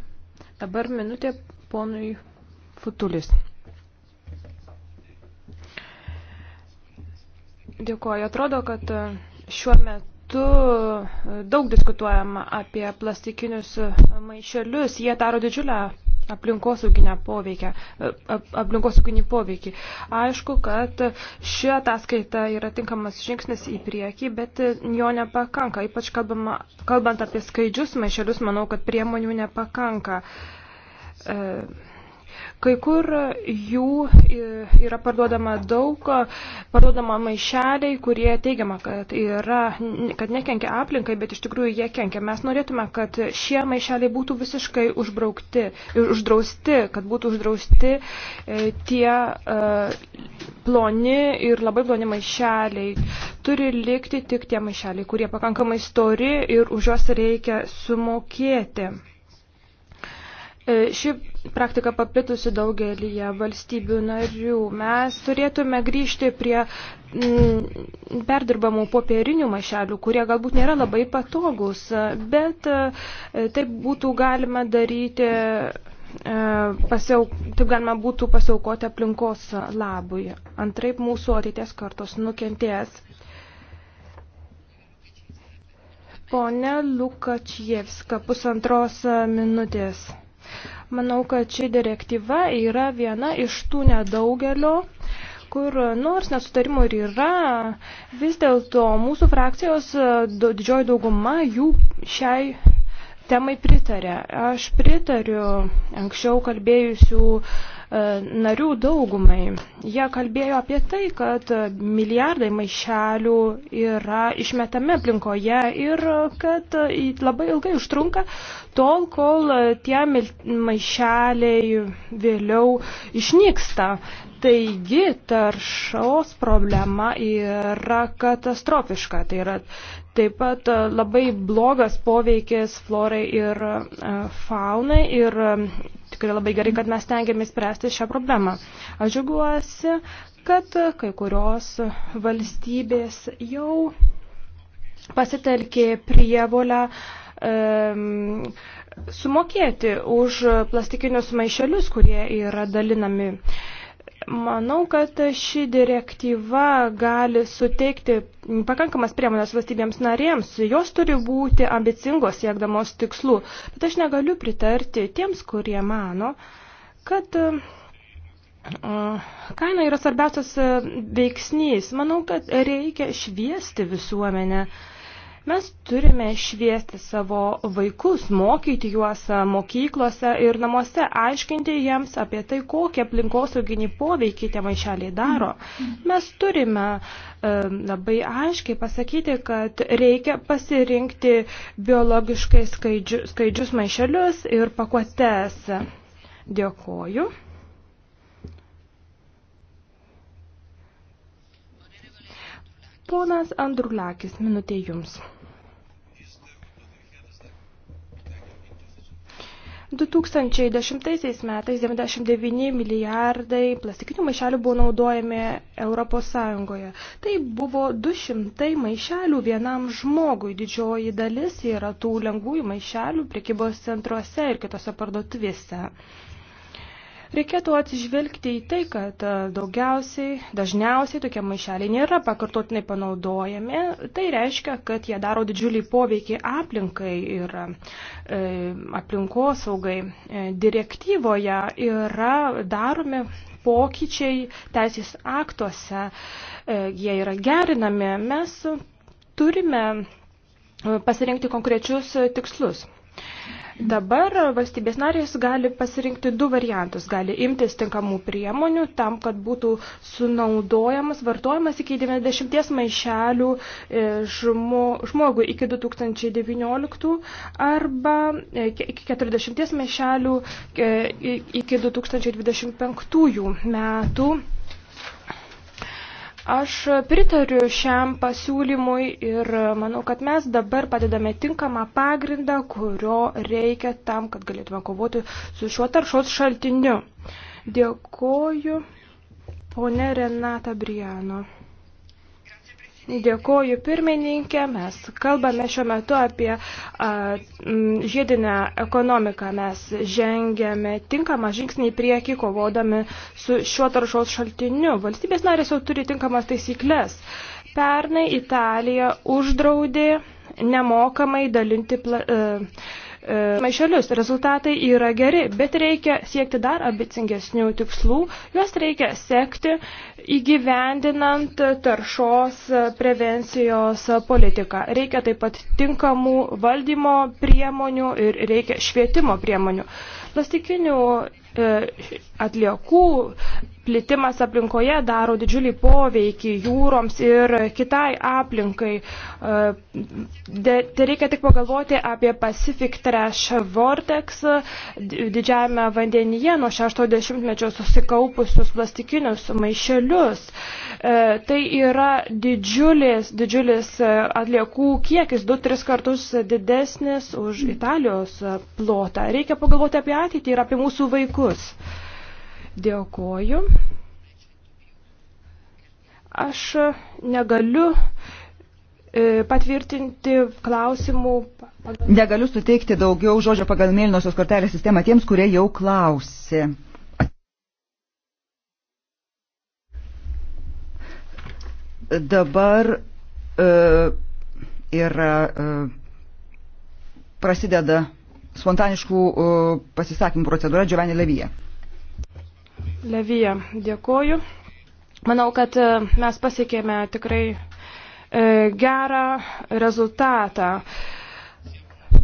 Dabar minutė ponui Futulis. Dėkoju. Atrodo, kad e, šiuo metu metu daug diskutuojama apie plastikinius e, maišelius. Jie daro didžiulę aplinkosauginį poveikį. E, aplinkosauginį poveikį. Aišku, kad ši ataskaita yra tinkamas žingsnis į priekį, bet jo nepakanka. Ypač kalbama, kalbant apie skaidžius maišelius, manau, kad priemonių nepakanka. E, Kai kur jų e, yra parduodama daug, parduodama maišeliai, kurie teigiama, kad, yra, kad nekenkia aplinkai, bet iš tikrųjų jie kenkia. Mes norėtume, kad šie maišeliai būtų visiškai užbraukti, uždrausti, kad būtų uždrausti e, tie e, ploni ir labai ploni maišeliai. Turi likti tik tie maišeliai, kurie pakankamai stori ir už juos reikia sumokėti. Ši praktika paplitusi daugelį valstybių narių. Mes turėtume grįžti prie mm, perdirbamų popierinių mašelių, kurie galbūt nėra labai patogus, bet e, taip būtų galima daryti, e, pasiau, taip galima būtų pasiaukoti aplinkos labui. Antraip mūsų ateities kartos nukentės. Pone Lukačievska, pusantros minutės. Manau, kad ši direktyva yra viena iš tų nedaugelio kur nors nesutarimų ir yra, vis dėlto mūsų frakcijos e, didžioji dauguma jų šiai temai pritarė. Aš pritariu anksčiau kalbėjusių uh, E, narių daugumai. Jie kalbėjo apie tai, kad milijardai maišelių yra išmetami aplinkoje ir kad labai ilgai užtrunka tol, kol tie maišeliai vėliau išnyksta. Taigi taršos problema yra katastrofiška. Tai yra taip pat labai blogas poveikis florai ir e, faunai ir Tikrai labai gerai, kad mes tengiamės spręsti šią problemą. Aš džiuguosi, kad kai kurios valstybės jau pasitelkė prievolę um, sumokėti už plastikinius maišelius, kurie yra dalinami. Uh, Manau, kad ši direktyva gali suteikti pakankamas priemonės valstybėms narėms. Jos turi būti ambicingos siekdamos tikslų. Bet aš negaliu pritarti tiems, kurie mano, kad kaina yra svarbiausias veiksnys. Manau, kad reikia šviesti visuomenę. Uh, Mes turime šviesti savo vaikus, mokyti juos mokyklose ir namuose, aiškinti jiems apie tai, kokią aplinkosauginį poveikį tie maišeliai daro. Mes turime e, labai aiškiai pasakyti, kad reikia pasirinkti biologiškai skaidžiu, skaidžius maišelius ir pakuotes. Dėkoju. Ponas Andrulakis, minutė jums. 2010 metais 99 milijardai plastikinių maišelių buvo naudojami Europos Sąjungoje. Tai buvo 200 maišelių vienam žmogui. Didžioji dalis yra tų lengvųjų maišelių prekybos centruose ir kitose parduotuvėse. Reikėtų atsižvelgti į tai, kad e, daugiausiai, dažniausiai tokie maišeliai nėra pakartotinai panaudojami. Tai reiškia, kad jie daro didžiulį poveikį aplinkai ir e, aplinkosaugai. E, direktyvoje yra daromi pokyčiai teisės aktuose, e, jie yra gerinami. Mes turime e, pasirinkti konkrečius tikslus. Dabar valstybės narės gali pasirinkti du variantus. Gali imtis tinkamų priemonių tam, kad būtų sunaudojamas, vartojamas iki 90 maišelių e, žmo, žmogui iki 2019 arba e, iki 40 maišelių e, iki 2025 metų Aš pritariu šiam pasiūlymui ir manau, kad mes dabar padedame tinkamą pagrindą, kurio reikia tam, kad galėtume kovoti su šiuo taršos šaltiniu. Dėkoju, ponė Renata Briano. Dėkoju pirmininkė, mes kalbame šiuo metu apie a, m, žiedinę ekonomiką, mes žengėme tinkamą žingsnį į priekį kovodami su šiuo taršos šaltiniu. Valstybės narės jau turi tinkamas taisyklės. Pernai Italija uždraudė nemokamai dalinti pla, a, e, E, maišelius. Rezultatai yra geri, bet reikia siekti dar abicingesnių tikslų. Juos reikia sekti įgyvendinant taršos prevencijos politiką. Reikia taip pat tinkamų valdymo priemonių ir reikia švietimo priemonių. Plastikinių e, atliekų plitimas aplinkoje daro didžiulį poveikį jūroms ir kitai aplinkai. Tai reikia tik pagalvoti apie Pacific Trash Vortex didžiajame vandenyje nuo 60-mečio susikaupusius plastikinius maišelius. E, tai yra didžiulis, didžiulis e, atliekų kiekis, 2-3 kartus didesnis už Italijos plotą. Reikia pagalvoti apie ateitį ir apie mūsų vaikus. Dėkoju. Aš negaliu e, patvirtinti klausimų. Negaliu suteikti daugiau žodžio pagal mėlynosios kortelės sistemą tiems, kurie jau klausė. Dabar e, yra, e, prasideda spontaniškų e, pasisakymų procedūra Giovanni Levyje. Levyje, dėkoju. Manau, kad e, mes pasiekėme tikrai e, gerą rezultatą.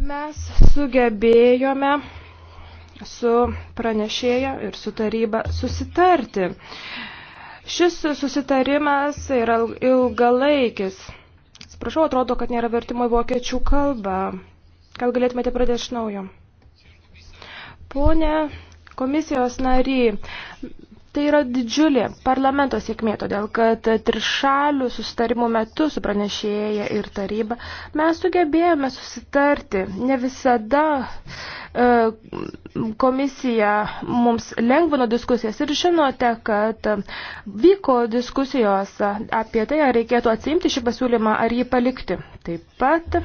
Mes sugebėjome su pranešėja ir su taryba susitarti. Šis susitarimas yra ilgalaikis. Sprašau, atrodo, kad nėra vertimo į vokiečių kalbą. Gal galėtumėte pradėti iš naujo? Pone Komisijos nariai, tai yra didžiulė parlamento sėkmė, todėl kad trišalių sustarimų metu su pranešėja ir taryba mes sugebėjome susitarti. Ne visada e, komisija mums lengvino diskusijas ir žinote, kad vyko diskusijos apie tai, ar reikėtų atsiimti šį pasiūlymą, ar jį palikti. Taip pat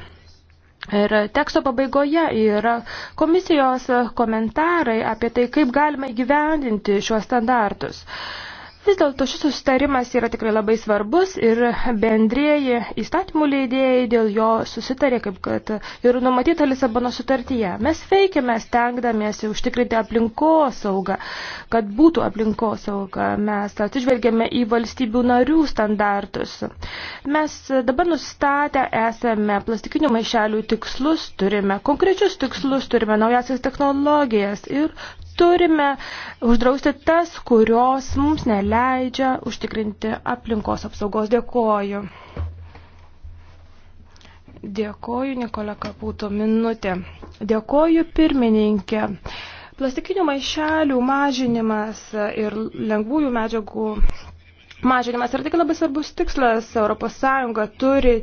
Ir teksto pabaigoje yra komisijos komentarai apie tai, kaip galima įgyvendinti šiuos standartus. Uh, Vis dėlto šis susitarimas yra tikrai labai svarbus ir bendrieji įstatymų leidėjai dėl jo susitarė, kaip kad ir numatyta Lisabono sutartyje. Mes veikiame stengdamiesi užtikrinti aplinkosaugą, kad būtų aplinkosauga. Mes atsižvelgiame į valstybių narių standartus. Mes dabar nustatę esame plastikinių maišelių tikslus, turime konkrečius tikslus, turime naujasias technologijas ir turime uždrausti tas, kurios mums neleidžia užtikrinti aplinkos apsaugos. Dėkoju. Dėkoju, Nikola Kaputo, minutė. Dėkoju, pirmininkė. Plastikinių maišelių mažinimas ir lengvųjų medžiagų mažinimas yra tik labai svarbus tikslas. ES turi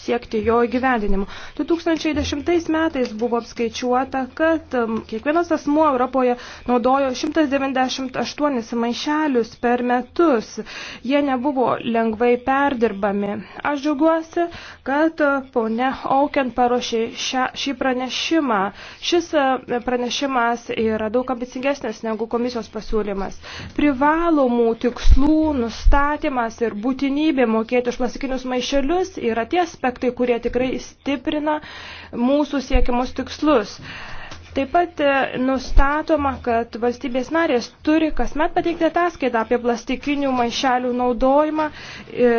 siekti jo įgyvendinimu. 2010 metais buvo apskaičiuota, kad um, kiekvienas asmuo Europoje naudojo 198 maišelius per metus. Jie nebuvo lengvai perdirbami. Aš džiaugiuosi, kad uh, ponia Auken paruošė šią, šį pranešimą. Šis uh, pranešimas yra daug ambicingesnis negu komisijos pasiūlymas. Privalomų tikslų nustatymas ir būtinybė mokėti už plastikinius maišelius yra ties aspektai, kurie tikrai stiprina mūsų siekiamus tikslus. Taip pat e, nustatoma, kad valstybės narės turi kasmet pateikti ataskaitą apie plastikinių maišelių naudojimą e,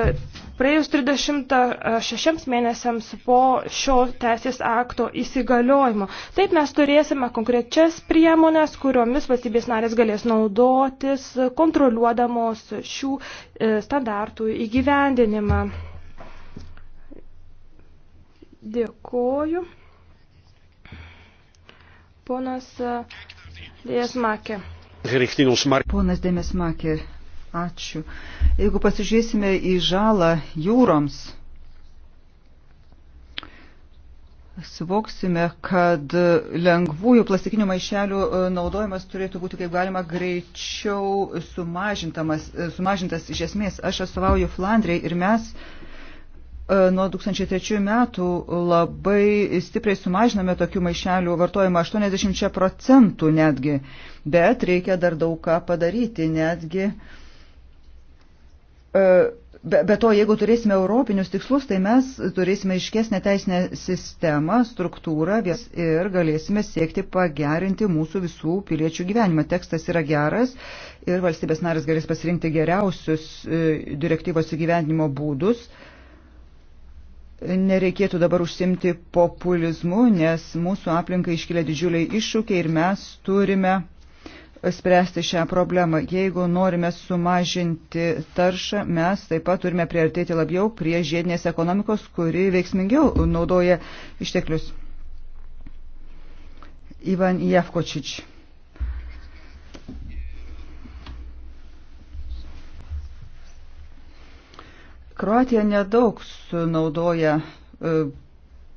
praėjus 36 mėnesiams po šio teisės akto įsigaliojimo. Taip mes turėsime konkrečias priemonės, kuriomis valstybės narės galės naudotis, kontroliuodamos šių e, standartų įgyvendinimą. Dėkoju. Ponas e, Dėsmakė. Ponas Dėmesmakė, ačiū. Jeigu pasižiūrėsime į žalą jūroms, suvoksime, kad lengvųjų plastikinių maišelių e, naudojimas turėtų būti kaip galima greičiau e, sumažintas. Iš esmės, aš atstovauju Flandrijai ir mes E, nuo 2003 metų labai stipriai sumažiname tokių maišelių vartojimą 80 procentų netgi, bet reikia dar daug ką padaryti netgi. E, be, be to, jeigu turėsime europinius tikslus, tai mes turėsime iškesnę teisinę sistemą, struktūrą ir galėsime siekti pagerinti mūsų visų piliečių gyvenimą. Tekstas yra geras ir valstybės narės galės pasirinkti geriausius e, direktyvos įgyvendinimo būdus. E, nereikėtų dabar užsimti populizmu, nes mūsų aplinkai iškilia didžiuliai iššūkiai ir mes turime spręsti šią problemą. Jeigu norime sumažinti taršą, mes taip pat turime priartėti labiau prie žiedinės ekonomikos, kuri veiksmingiau naudoja išteklius. Ivan Jevkočič. Kroatija nedaug sunaudoja e,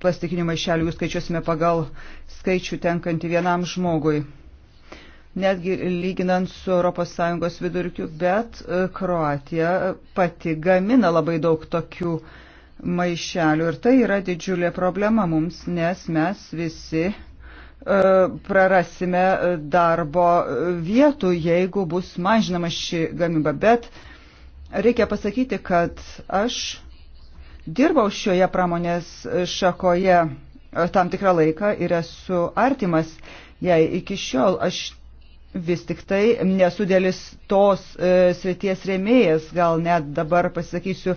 plastikinių maišelių, jų skaičiuosime pagal skaičių tenkantį vienam žmogui. Netgi lyginant su ES vidurkiu, bet e, Kroatija pati gamina labai daug tokių maišelių ir tai yra didžiulė problema mums, nes mes visi e, prarasime darbo vietų, jeigu bus mažinama ši gamyba. Bet uh, Reikia pasakyti, kad aš dirbau šioje pramonės šakoje e, tam tikrą laiką ir esu artimas jai iki šiol. Aš vis tik tai nesu dėlis tos e, srities rėmėjas, gal net dabar pasakysiu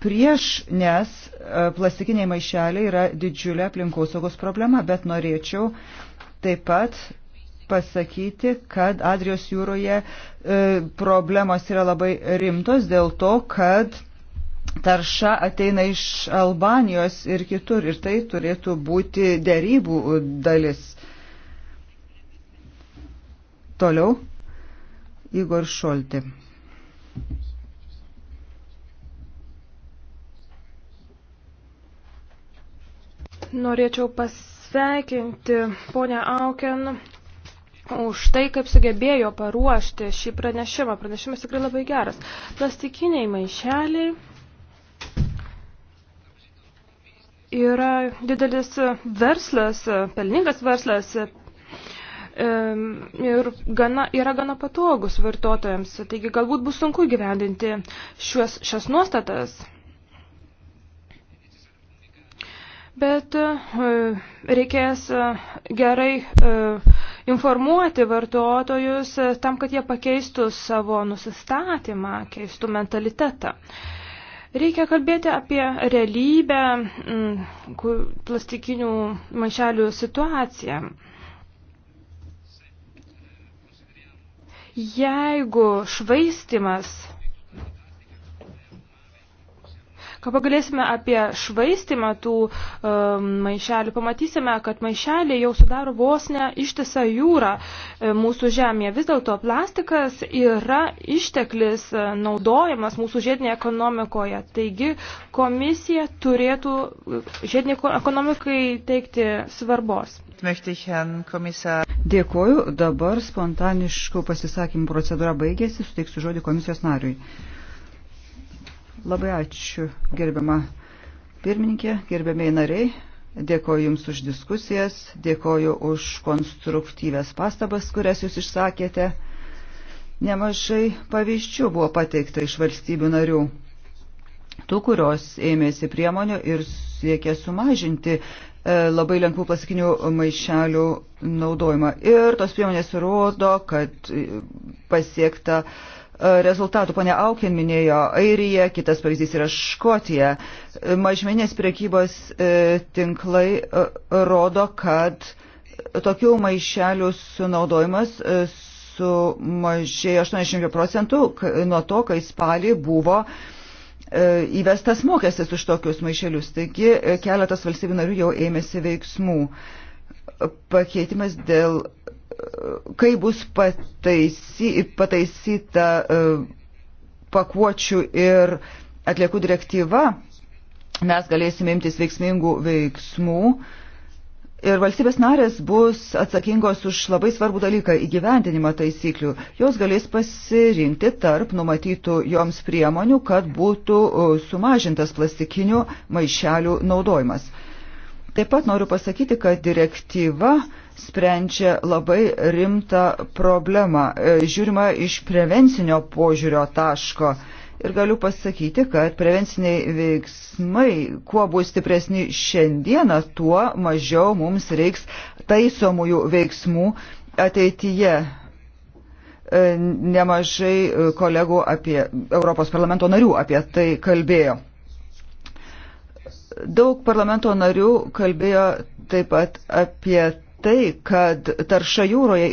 prieš, nes e, plastikiniai maišeliai yra didžiulė aplinkosaugos problema, bet norėčiau taip pat pasakyti, kad Adrijos jūroje e, problemos yra labai rimtos dėl to, kad tarša ateina iš Albanijos ir kitur ir tai turėtų būti dėrybų dalis. Toliau Igor Šolti. Norėčiau pasveikinti ponę Auken už tai, kaip sugebėjo paruošti šį pranešimą. Pranešimas tikrai labai geras. Plastikiniai maišeliai yra didelis verslas, pelningas verslas ir gana, yra gana patogus vartotojams. Taigi galbūt bus sunku gyvendinti šios, šias nuostatas. Bet reikės gerai informuoti vartotojus e, tam, kad jie pakeistų savo nusistatymą, keistų mentalitetą. Reikia kalbėti apie realybę plastikinių maišelių situaciją. Jeigu švaistimas Kai pagalėsime apie švaistimą tų um, maišelių, pamatysime, kad maišeliai jau sudaro vos ne ištisą jūrą e, mūsų žemėje. Vis dėlto plastikas yra išteklis e, naudojamas mūsų žiedinėje ekonomikoje. Taigi komisija turėtų e, žiedinė ekonomikai teikti svarbos. Dėkuoju. Dabar spontaniškų pasisakymų procedūra baigėsi. Suteiksiu žodį komisijos nariui. Labai ačiū, gerbiama pirmininkė, gerbiamiai nariai. Dėkoju Jums už diskusijas, dėkoju už konstruktyvės pastabas, kurias Jūs išsakėte. Nemažai pavyzdžių buvo pateikta iš valstybių narių tų, kurios ėmėsi priemonių ir siekė sumažinti e, labai lengvų plastikinių maišelių naudojimą. Ir tos priemonės rodo, kad e, pasiekta rezultatų. Pone Aukin minėjo Airija, kitas pavyzdys yra Škotija. Mažmenės priekybos e, tinklai e, rodo, kad tokių maišelių sunaudojimas e, sumažėjo 80 procentų nuo to, kai spalį buvo įvestas mokestis už tokius maišelius. Taigi keletas valstybių narių jau ėmėsi veiksmų. Pakeitimas dėl kai bus pataisy, pataisyta e, pakuočių ir atliekų direktyva, mes galėsime imtis veiksmingų veiksmų. Ir valstybės narės bus atsakingos už labai svarbų dalyką įgyvendinimą taisyklių. Jos galės pasirinkti tarp numatytų joms priemonių, kad būtų e, sumažintas plastikinių maišelių naudojimas. Taip pat noriu pasakyti, kad direktyva uh, sprendžia labai rimtą problemą. E, žiūrima iš prevencinio požiūrio taško. Ir galiu pasakyti, kad prevenciniai veiksmai, kuo bus stipresni šiandieną, tuo mažiau mums reiks taisomųjų veiksmų ateityje. E, nemažai kolegų apie Europos parlamento narių apie tai kalbėjo. Daug parlamento narių kalbėjo taip pat apie tai, kad tarša jūroje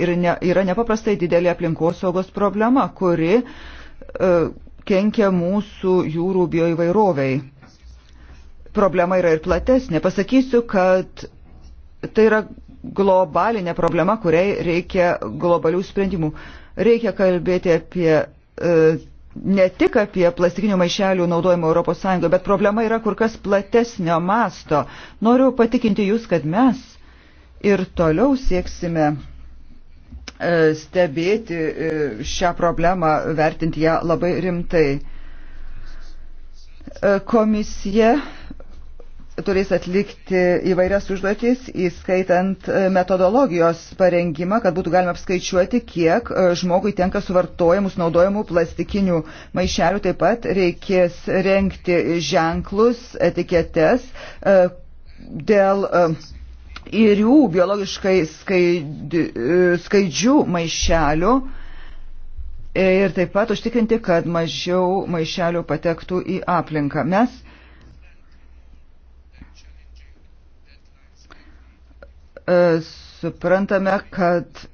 yra nepaprastai didelė aplinkosaugos problema, kuri e, kenkia mūsų jūrų bioįvairoviai. Problema yra ir platesnė. Pasakysiu, kad tai yra globalinė problema, kuriai reikia globalių sprendimų. Reikia kalbėti apie e, ne tik apie plastikinių maišelių naudojimą ES, bet problema yra kur kas platesnio masto. Noriu patikinti Jūs, kad mes ir toliau sieksime e, stebėti e, šią problemą, vertinti ją labai rimtai. E, komisija turės atlikti įvairias užduotis, įskaitant metodologijos parengimą, kad būtų galima apskaičiuoti, kiek žmogui tenka suvartojamus naudojamų plastikinių maišelių. Taip pat reikės renkti ženklus, etiketes dėl ir jų biologiškai e, skaidžių maišelių ir taip pat užtikrinti, kad mažiau maišelių patektų į aplinką. Mes e, suprantame, kad e,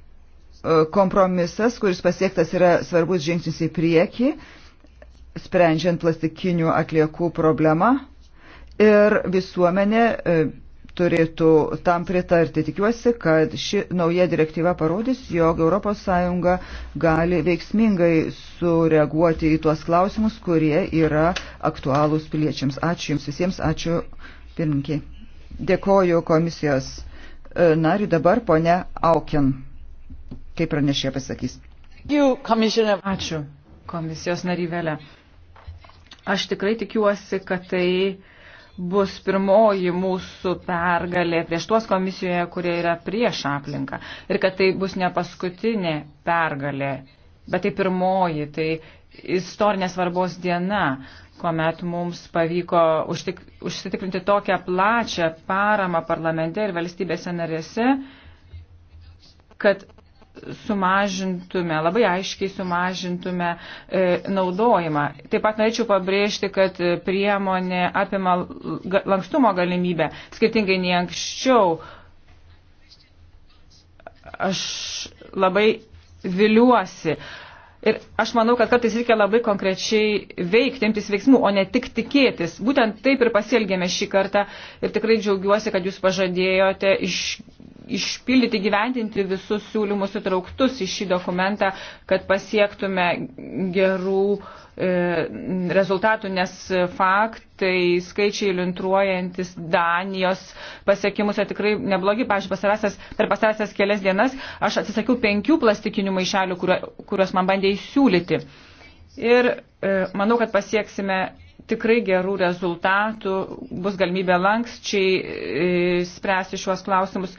kompromisas, kuris pasiektas, yra svarbus žingsnis į priekį, sprendžiant plastikinių atliekų problemą ir visuomenė turėtų tam pritarti. Tikiuosi, kad ši nauja direktyva parodys, jog ES gali veiksmingai sureaguoti į tuos klausimus, kurie yra aktualūs piliečiams. Ačiū Jums visiems, ačiū pirmininkiai. Dėkoju komisijos e, nariui dabar ponia Aukin, kaip pranešė pasakys. Ačiū komisijos naryvelė. Aš tikrai tikiuosi, kad tai bus pirmoji mūsų pergalė prieš tuos komisijoje, kurie yra prieš aplinką. Ir kad tai bus ne paskutinė pergalė, bet tai pirmoji, tai istorinės svarbos diena, kuomet mums pavyko užtik, užsitikrinti tokią plačią paramą parlamente ir valstybėse narėse, kad sumažintume, labai aiškiai sumažintume e, naudojimą. Taip pat norėčiau pabrėžti, kad e, priemonė apima lankstumo galimybę, skirtingai nei anksčiau. Aš labai viliuosi. Ir aš manau, kad kartais reikia labai konkrečiai veikti, imtis veiksmų, o ne tik tikėtis. Būtent taip ir pasielgėme šį kartą ir tikrai džiaugiuosi, kad jūs pažadėjote iš išpildyti, gyventinti visus siūlymus įtrauktus į šį dokumentą, kad pasiektume gerų e, rezultatų, nes faktai, skaičiai iliuntruojantis Danijos pasiekimus yra tikrai neblogi. Pavyzdžiui, pasarasias, per pasarasias kelias dienas aš atsisakiau penkių plastikinių maišelių, kuriuos man bandė įsiūlyti. Ir e, manau, kad pasieksime tikrai gerų rezultatų, bus galimybė lankščiai e, spręsti šiuos klausimus.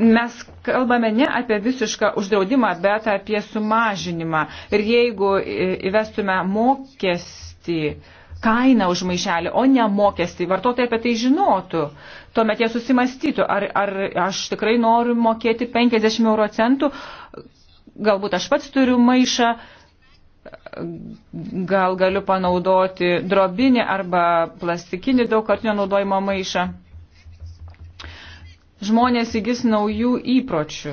Mes kalbame ne apie visišką uždraudimą, bet apie sumažinimą. Ir jeigu e, įvestume mokestį, kainą už maišelį, o ne mokestį, vartotojai apie tai žinotų, tuomet jie susimastytų, ar, ar aš tikrai noriu mokėti 50 euro centų, galbūt aš pats turiu maišą gal galiu panaudoti drobinį arba plastikinį daugkartinio naudojimo maišą. Žmonės įgis naujų įpročių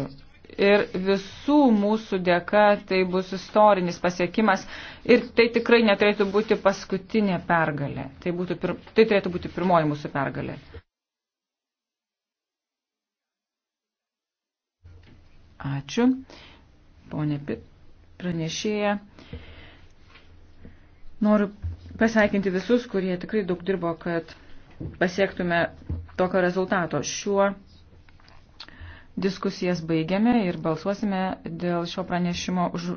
ir visų mūsų dėka tai bus istorinis pasiekimas ir tai tikrai neturėtų būti paskutinė pergalė. Tai, būtų pir, tai turėtų būti pirmoji mūsų pergalė. Ačiū, ponė pranešėja. Noriu pasveikinti visus, kurie tikrai daug dirbo, kad pasiektume tokio rezultato. Šiuo diskusijas baigiame ir balsuosime dėl šio pranešimo už.